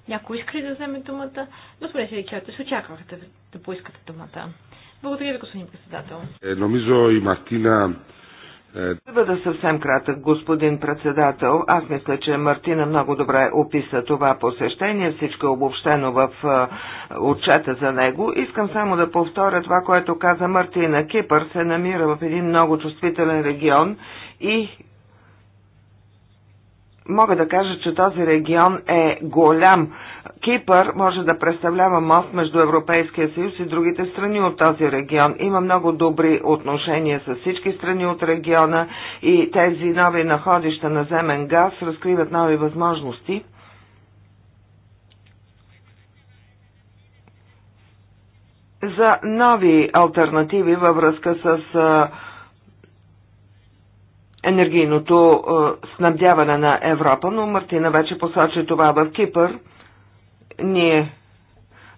Някой иска ли да вземе думата? Господин се се очаквахте да поискате думата. Благодаря ви, господин председател. Е, номизо и Мартина ще бъда съвсем кратък, господин председател. Аз мисля, че Мартина много добре описа това посещение. Всичко е обобщено в отчета за него. Искам само да повторя това, което каза Мартина. Кипър се намира в един много чувствителен регион и мога да кажа, че този регион е голям. Кипър може да представлява мост между Европейския съюз и другите страни от този регион. Има много добри отношения с всички страни от региона и тези нови находища на земен газ разкриват нови възможности. За нови альтернативи във връзка с енергийното снабдяване на Европа, но Мартина вече посочи това в Кипър. Ние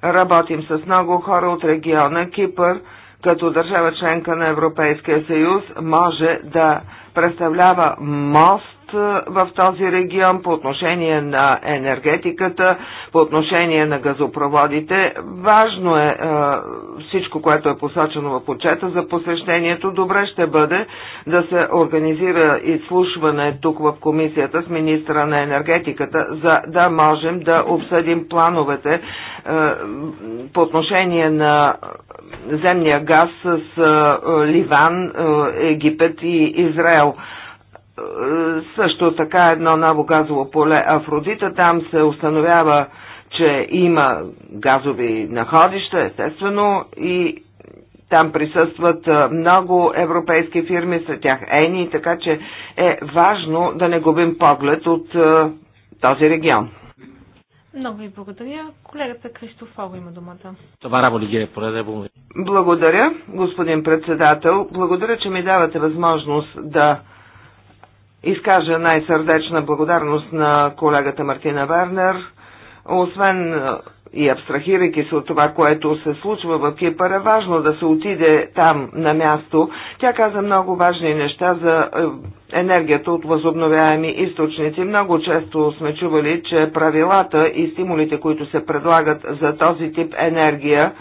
работим с много хора от региона Кипър, като държава членка на Европейския съюз, може да представлява мост е, в този регион по отношение на енергетиката, по отношение на газопроводите. Важно е, е всичко, което е посочено в отчета за посещението. Добре ще бъде да се организира изслушване тук в комисията с министра на енергетиката, за да можем да обсъдим плановете е, по отношение на земния газ с Ливан, Египет и Израел. Е, също така едно ново газово поле Афродита. Там се установява, че има газови находища, естествено, и там присъстват е, много европейски фирми, сред тях ЕНИ, така че е важно да не губим поглед от е, този регион. Много ви благодаря. Колегата Кристофова има думата. Това работи ги е Благодаря, господин председател. Благодаря, че ми давате възможност да изкажа най-сърдечна благодарност на колегата Мартина Вернер. Освен е, и абстрахирайки се от това, което се случва в Кипър, е важно да се отиде там на място. Тя каза много важни неща за е, енергията от възобновяеми източници. Много често сме чували, че правилата и стимулите, които се предлагат за този тип енергия,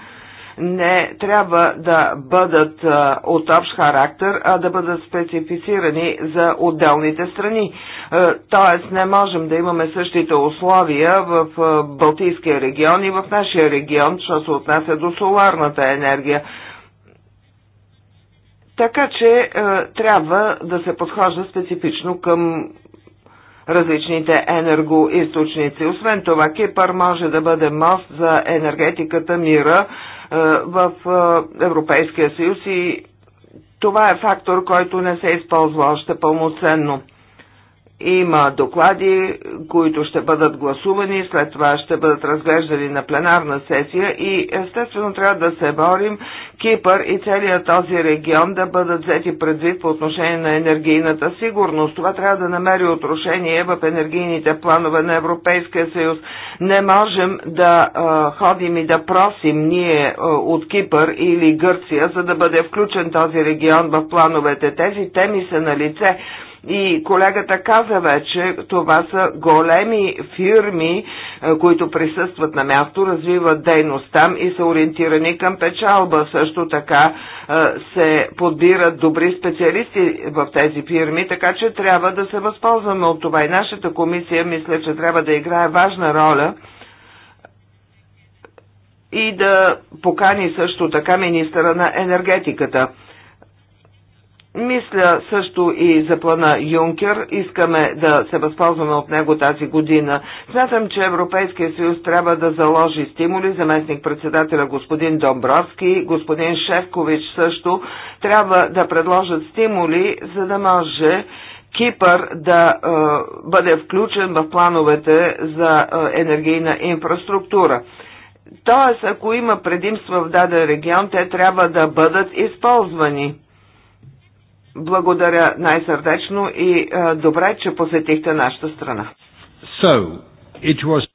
не трябва да бъдат от общ характер, а да бъдат специфицирани за отделните страни. Тоест не можем да имаме същите условия в Балтийския регион и в нашия регион, що се отнася до соларната енергия. Така че трябва да се подхожда специфично към различните енергоисточници. Освен това, Кипър може да бъде мост за енергетиката мира е, в е, Европейския съюз и това е фактор, който не се използва още пълноценно. Има доклади, които ще бъдат гласувани, след това ще бъдат разглеждани на пленарна сесия и естествено трябва да се борим Кипър и целият този регион да бъдат взети предвид по отношение на енергийната сигурност. Това трябва да намери отрушение в енергийните планове на Европейския съюз. Не можем да а, ходим и да просим ние а, от Кипър или Гърция, за да бъде включен този регион в плановете. Тези теми са на лице и колегата каза вече, това са големи фирми, е, които присъстват на място, развиват дейност там и са ориентирани към печалба. Също така е, се подбират добри специалисти в тези фирми, така че трябва да се възползваме от това. И нашата комисия мисля, че трябва да играе важна роля и да покани също така министра на енергетиката. Мисля също и за плана Юнкер. Искаме да се възползваме от него тази година. Смятам, че Европейския съюз трябва да заложи стимули. Заместник председателя господин Домбровски, господин Шевкович също трябва да предложат стимули, за да може Кипър да е, бъде включен в плановете за е, енергийна инфраструктура. Тоест, ако има предимства в даден регион, те трябва да бъдат използвани. Благодаря най-сърдечно и uh, добре, че посетихте нашата страна. So, it was...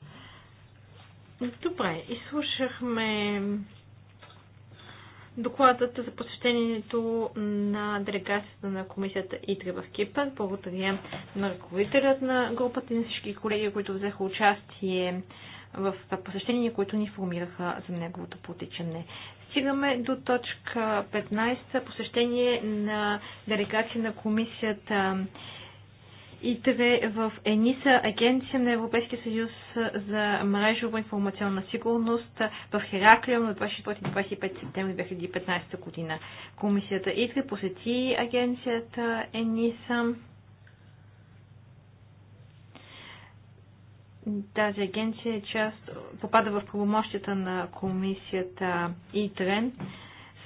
Добре, изслушахме докладът за посещението на делегацията на комисията ИТРИ в Кипър. Благодаря на ръководителят на групата и на всички колеги, които взеха участие в посещение, които ни формираха за неговото потичане. Стигаме до точка 15. Посещение на делегация на комисията ИТВ в ЕНИСА, Агенция на Европейския съюз за мрежова информационна сигурност в Хераклион на 24-25 септември 2015 година. Комисията ИТВ посети агенцията ЕНИСА. Тази агенция е част, попада в правомощията на комисията ИТРЕН,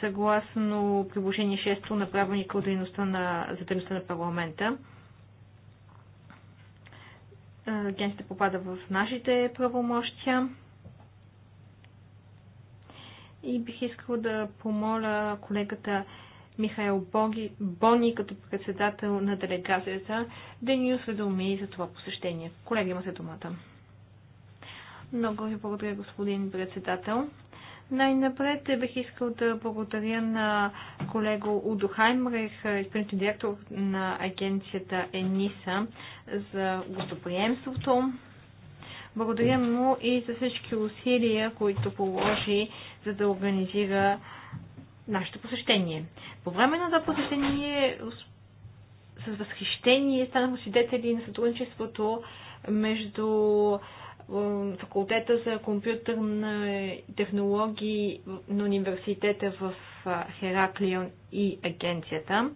съгласно приложение 6 на правилника от дейността на, за дейността на парламента. Агенцията попада в нашите правомощия. И бих искала да помоля колегата Михаил Боги, Бони като председател на делегацията да ни осведоми за това посещение. Колеги, имате думата. Много ви благодаря, господин председател. Най-напред е, бих искал да благодаря на колего Удо Хаймрех, изпълнителен директор на агенцията ЕНИСА, за гостоприемството. Благодаря му и за всички усилия, които положи, за да организира нашето посещение. По време на това посещение с възхищение станахме свидетели на сътрудничеството между факултета за компютърни технологии на университета в Хераклион и агенцията.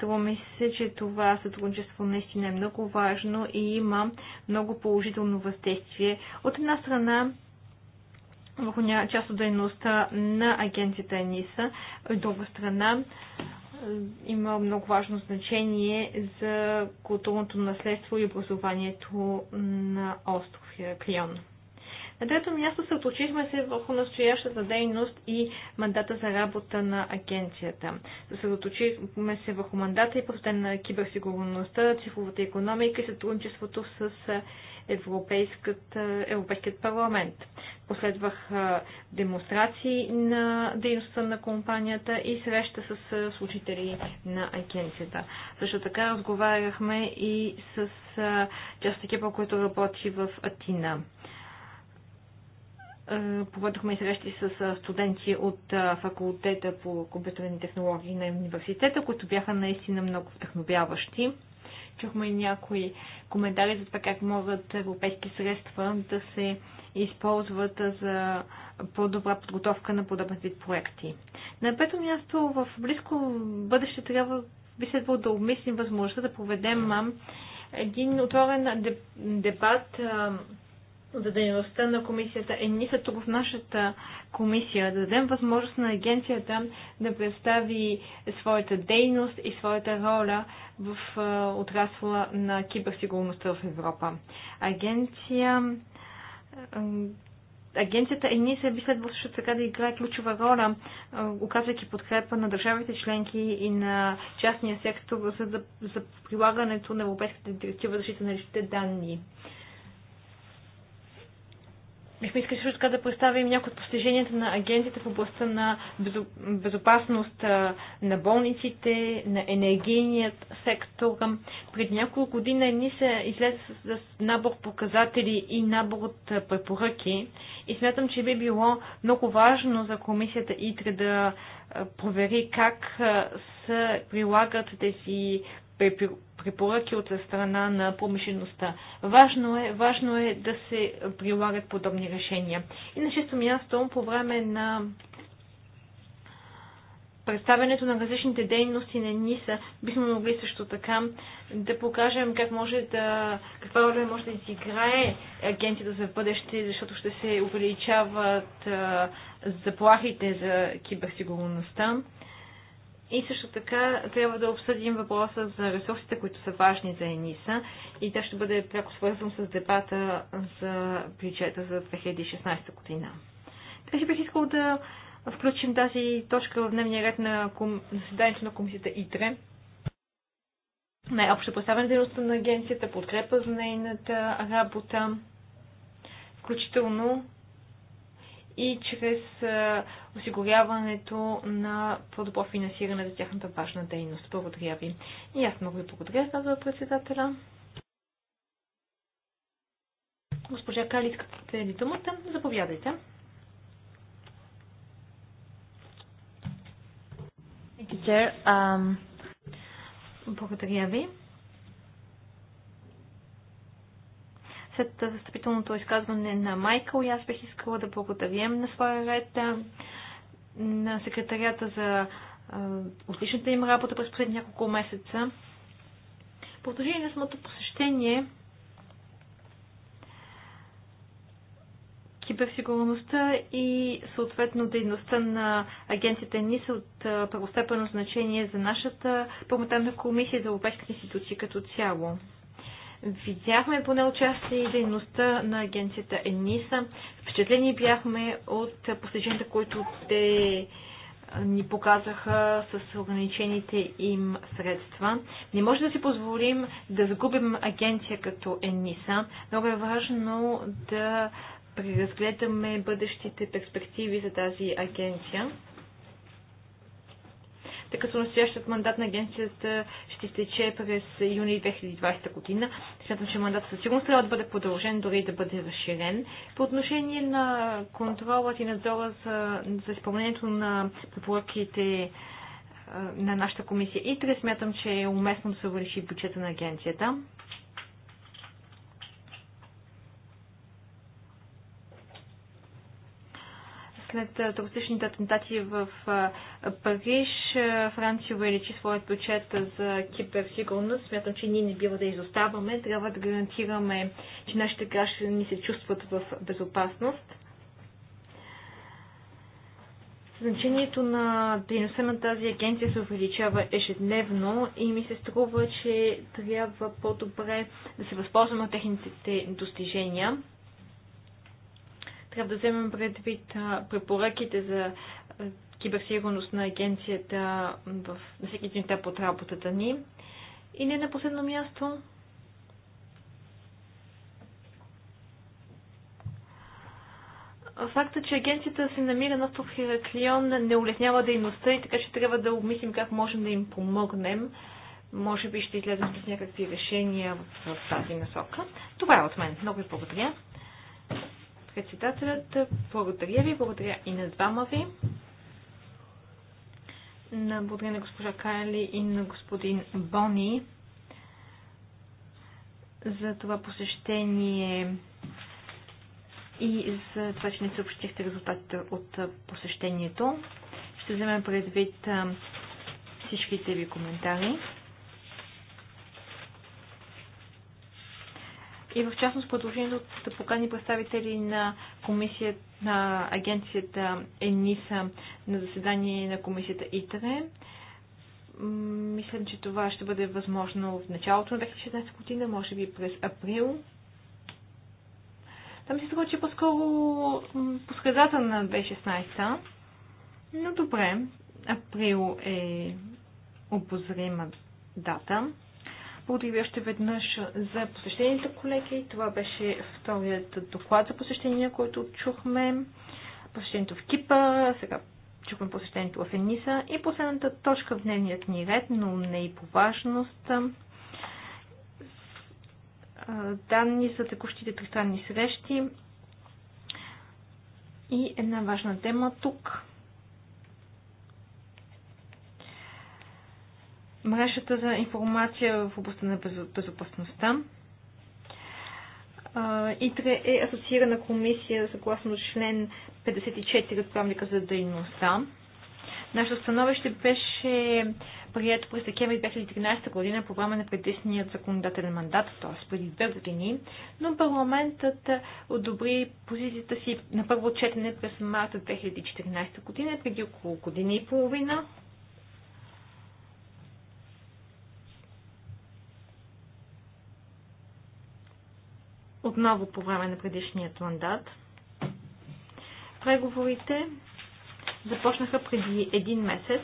Това ми се, че това сътрудничество наистина е много важно и има много положително въздействие. От една страна, върху част от дейността на агенцията ЕНИСА, от друга страна, е, има много важно значение за културното наследство и образованието на остров Клион. На трето място се се върху настоящата дейност и мандата за работа на агенцията. Съсредоточихме се върху мандата и посветен на киберсигурността, цифровата економика и сътрудничеството с Европейският парламент. Последвах демонстрации на дейността на компанията и среща с служители на агенцията. Също така разговаряхме и с част екипа, който работи в Атина и срещи с студенти от факултета по компютърни технологии на университета, които бяха наистина много вдъхновяващи чухме и някои коментари за това как могат европейски средства да се използват за по-добра подготовка на подобен вид проекти. На пето място в близко бъдеще трябва би следвало да обмислим възможността да проведем един отворен дебат за дейността на комисията е ние тук в нашата комисия, да дадем възможност на агенцията да представи своята дейност и своята роля в отрасла на киберсигурността в Европа. Агенция Агенцията ЕНИСА би следвало също така да играе ключова роля, оказвайки подкрепа на държавите членки и на частния сектор за, за прилагането на Европейската директива за защита на личните данни. Бихме искали също така да представим някои от постиженията на агенцията в областта на безопасност на болниците, на енергийният сектор. Преди няколко година ни се излезе с набор показатели и набор от препоръки и смятам, че би било много важно за комисията ИТРЕ да провери как се прилагат тези препоръки от страна на промишлеността. Важно е, важно е да се прилагат подобни решения. И на шесто място, по време на представянето на различните дейности на НИСА, бихме могли също така да покажем как може да, каква роля може да изиграе агенцията за бъдеще, защото ще се увеличават заплахите за киберсигурността. И също така трябва да обсъдим въпроса за ресурсите, които са важни за ЕНИСА и тя ще бъде пряко свързан с дебата за бюджета за 2016 година. Така че бих искал да включим тази точка в дневния ред на заседанието на комисията ИТРЕ. Най-общо представяне дейността на агенцията, подкрепа за нейната работа, включително и чрез осигуряването на по-добро финансиране за тяхната важна дейност. Благодаря ви. И аз много ви благодаря, казва председателя. Госпожа Кали, искате ли думата? Заповядайте. Um, благодаря ви. След застъпителното изказване на Майкъл, и аз бих искала да благодарим на своя ред на секретарията за отличната им работа през последни няколко месеца. По отношение на самото посещение, киберсигурността и съответно дейността на агенцията ни са от първостепенно значение за нашата парламентарна комисия и за европейските институции като цяло. Видяхме поне участие и дейността на агенцията ЕНИСА. Впечатлени бяхме от постиженията, които те ни показаха с ограничените им средства. Не може да си позволим да загубим агенция като ЕНИСА. Много е важно да преразгледаме бъдещите перспективи за тази агенция тъй като настоящият мандат на агенцията ще изтече през юни 2020 година. Смятам, че мандат със сигурност трябва да бъде продължен, дори да бъде разширен. По отношение на контролът и надзора за, за изпълнението на препоръките на нашата комисия и ИТРЕ, смятам, че е уместно да се увеличи бюджета на агенцията. след туристичните атентати в Париж Франция увеличи своят бюджет за киберсигурност. Смятам, че ние не бива да изоставаме. Трябва да гарантираме, че нашите граждани се чувстват в безопасност. Значението на дейността на тази агенция се увеличава ежедневно и ми се струва, че трябва по-добре да се възползваме от техните достижения. Трябва да вземем предвид препоръките за киберсигурност на агенцията в, всеки един етап от работата ни. И не на последно място, факта, че агенцията се намира на Стоп Хераклион не улеснява дейността и така че трябва да обмислим как можем да им помогнем. Може би ще излезем с някакви решения в тази насока. Това е от мен. Много ви благодаря. Председателят, благодаря ви, благодаря и на двама ви. На благодаря на госпожа Кайли и на господин Бони за това посещение и за това, че не съобщихте резултатите от посещението. Ще вземем предвид всичките ви коментари. и в частност предложението да покани представители на комисията на агенцията ЕНИСА на заседание на комисията ИТРЕ. Мисля, че това ще бъде възможно в началото на 2016 година, може би през април. Там се случи по-скоро по на 2016. Но добре, април е обозрима дата. Благодаря ви още веднъж за посещението, колеги. Това беше вторият доклад за посещение, който чухме. Посещението в Кипа, сега чухме посещението в Ениса и последната точка в дневният ни ред, но не и по важност. Данни за текущите тристранни срещи и една важна тема тук мрежата за информация в областта на безопасността. ИТРЕ е асоциирана комисия съгласно член 54 от правника за дейността. Нашето становище беше прието през декември 2013 година по време на предишният законодателен мандат, т.е. преди две години, но парламентът одобри позицията си на първо четене през марта 2014 година, преди около година и половина, отново по време на предишният мандат. Преговорите започнаха преди един месец.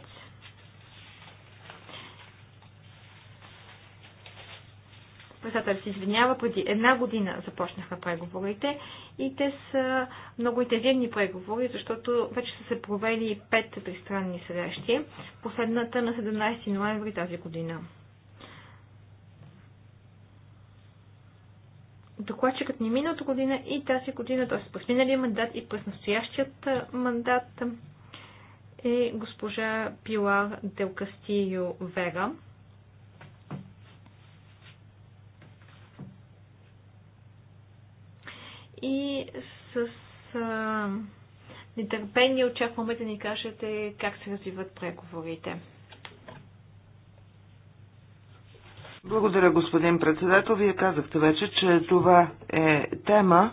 Председател се извинява, преди една година започнаха преговорите и те са много интензивни преговори, защото вече са се провели пет тристранни срещи, последната на 17 ноември тази година. докладчикът ни миналата година и тази година, т.е. през миналия мандат и през настоящият мандат е госпожа Пилар Делкастио Вера. И с а, нетърпение очакваме да ни кажете как се развиват преговорите. Благодаря, господин председател. Вие казахте вече, че това е тема,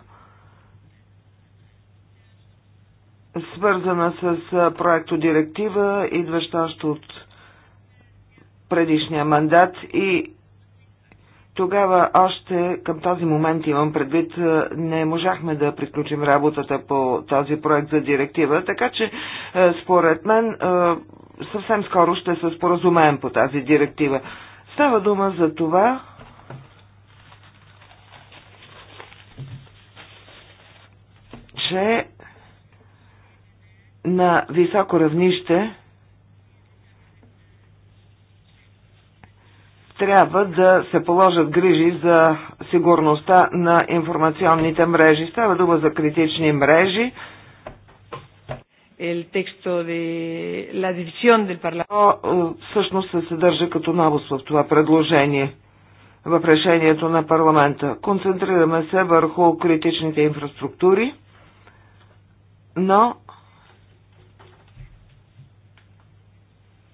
свързана с директива, идваща още от предишния мандат и тогава още към този момент имам предвид, не можахме да приключим работата по този проект за директива, така че според мен съвсем скоро ще се споразумеем по тази директива. Става дума за това, че на високо равнище трябва да се положат грижи за сигурността на информационните мрежи. Става дума за критични мрежи, el texto de la decisión del Parlamento. Всъщност се съдържа като новост в това предложение в решението на парламента. Концентрираме се върху критичните инфраструктури, но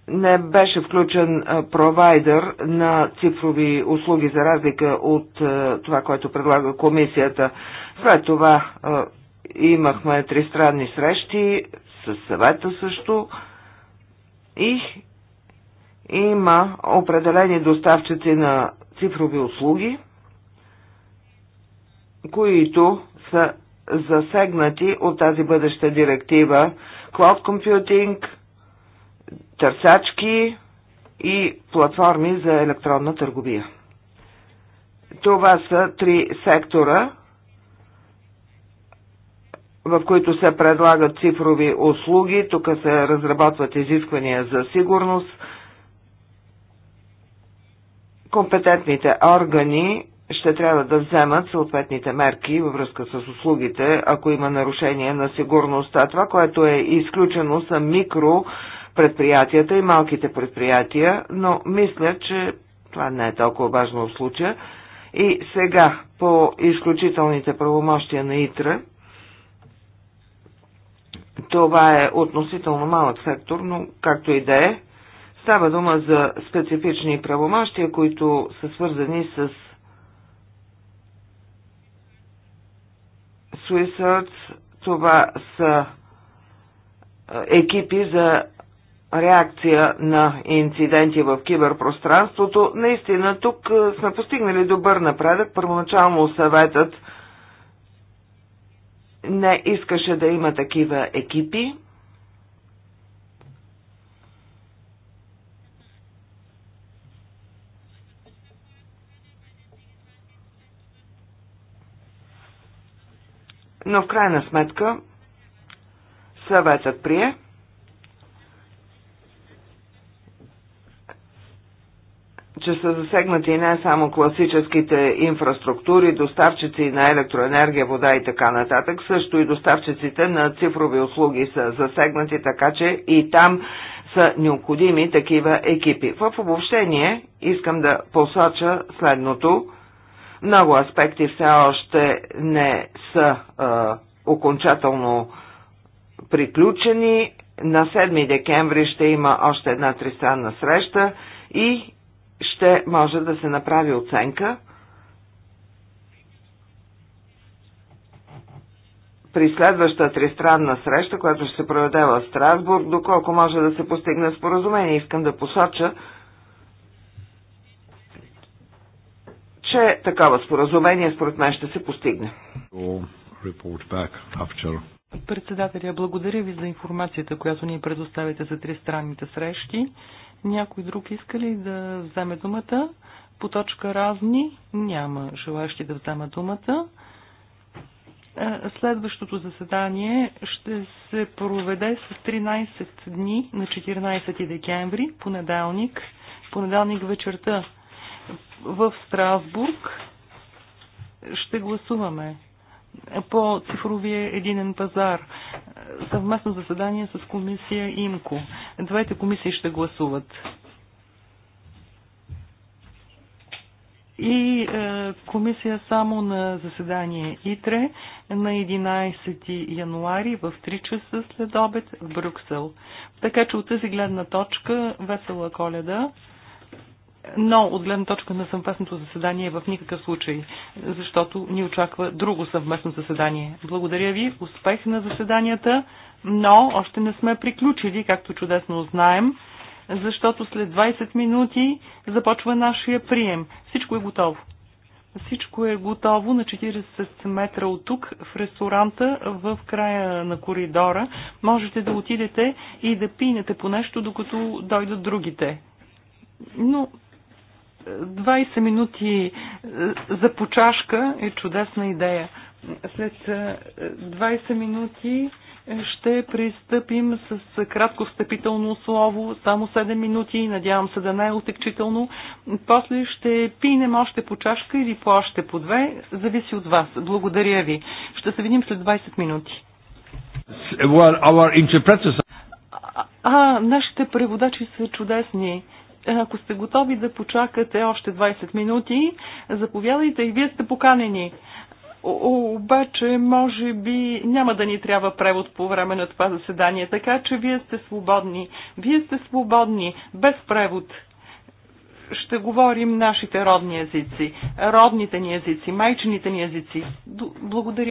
не беше включен провайдер на цифрови услуги за разлика от това, което предлага комисията. След това имахме тристранни срещи със съвета също и има определени доставчици на цифрови услуги, които са засегнати от тази бъдеща директива Cloud Computing, търсачки и платформи за електронна търговия. Това са три сектора, в които се предлагат цифрови услуги. Тук се разработват изисквания за сигурност. Компетентните органи ще трябва да вземат съответните мерки във връзка с услугите, ако има нарушение на сигурността. Това, което е изключено са микро предприятията и малките предприятия, но мисля, че това не е толкова важно в случая. И сега по изключителните правомощия на ИТРА, това е относително малък сектор, но както и да е, става дума за специфични правомащия, които са свързани с Swissert. Това са е, екипи за реакция на инциденти в киберпространството. Наистина тук е, сме постигнали добър напредък. Първоначално съветът не искаше да има такива екипи. Но в крайна сметка съветът прие че са засегнати не само класическите инфраструктури, доставчици на електроенергия, вода и така нататък, също и доставчиците на цифрови услуги са засегнати, така че и там са необходими такива екипи. В обобщение искам да посоча следното. Много аспекти все още не са е, окончателно приключени. На 7 декември ще има още една тристранна среща и ще може да се направи оценка при следваща тристранна среща, която ще се проведе в Страсбург, доколко може да се постигне споразумение. Искам да посоча, че такова споразумение според мен ще се постигне. Председателя, благодаря ви за информацията, която ни предоставите за тристранните срещи. Някой друг иска ли да вземе думата? По точка разни няма желащи да взема думата. Е, следващото заседание ще се проведе с 13 дни на 14 декември, понеделник, понеделник вечерта в Страсбург. Ще гласуваме по цифровия единен пазар. Съвместно заседание с комисия ИМКО. Двете комисии ще гласуват. И е, комисия само на заседание ИТРЕ на 11 януари в 3 часа след обед в Брюксел. Така че от тази гледна точка весела коледа но от гледна точка на съвместното заседание в никакъв случай, защото ни очаква друго съвместно заседание. Благодаря ви, успех на заседанията, но още не сме приключили, както чудесно знаем, защото след 20 минути започва нашия прием. Всичко е готово. Всичко е готово на 40 метра от тук в ресторанта в края на коридора. Можете да отидете и да пинете по нещо, докато дойдат другите. Но 20 минути е, за почашка е чудесна идея. След 20 е, минути е, ще пристъпим с кратко встъпително слово, само 7 минути, надявам се да не е отекчително. После ще пинем още по чашка или по още по две, зависи от вас. Благодаря ви. Ще се видим след 20 минути. Well, our interpreters... а, а, нашите преводачи са чудесни. Ако сте готови да почакате още 20 минути, заповядайте и вие сте поканени. Обаче, може би няма да ни трябва превод по време на това заседание, така че вие сте свободни. Вие сте свободни, без превод. Ще говорим нашите родни езици, родните ни езици, майчините ни езици. Благодаря.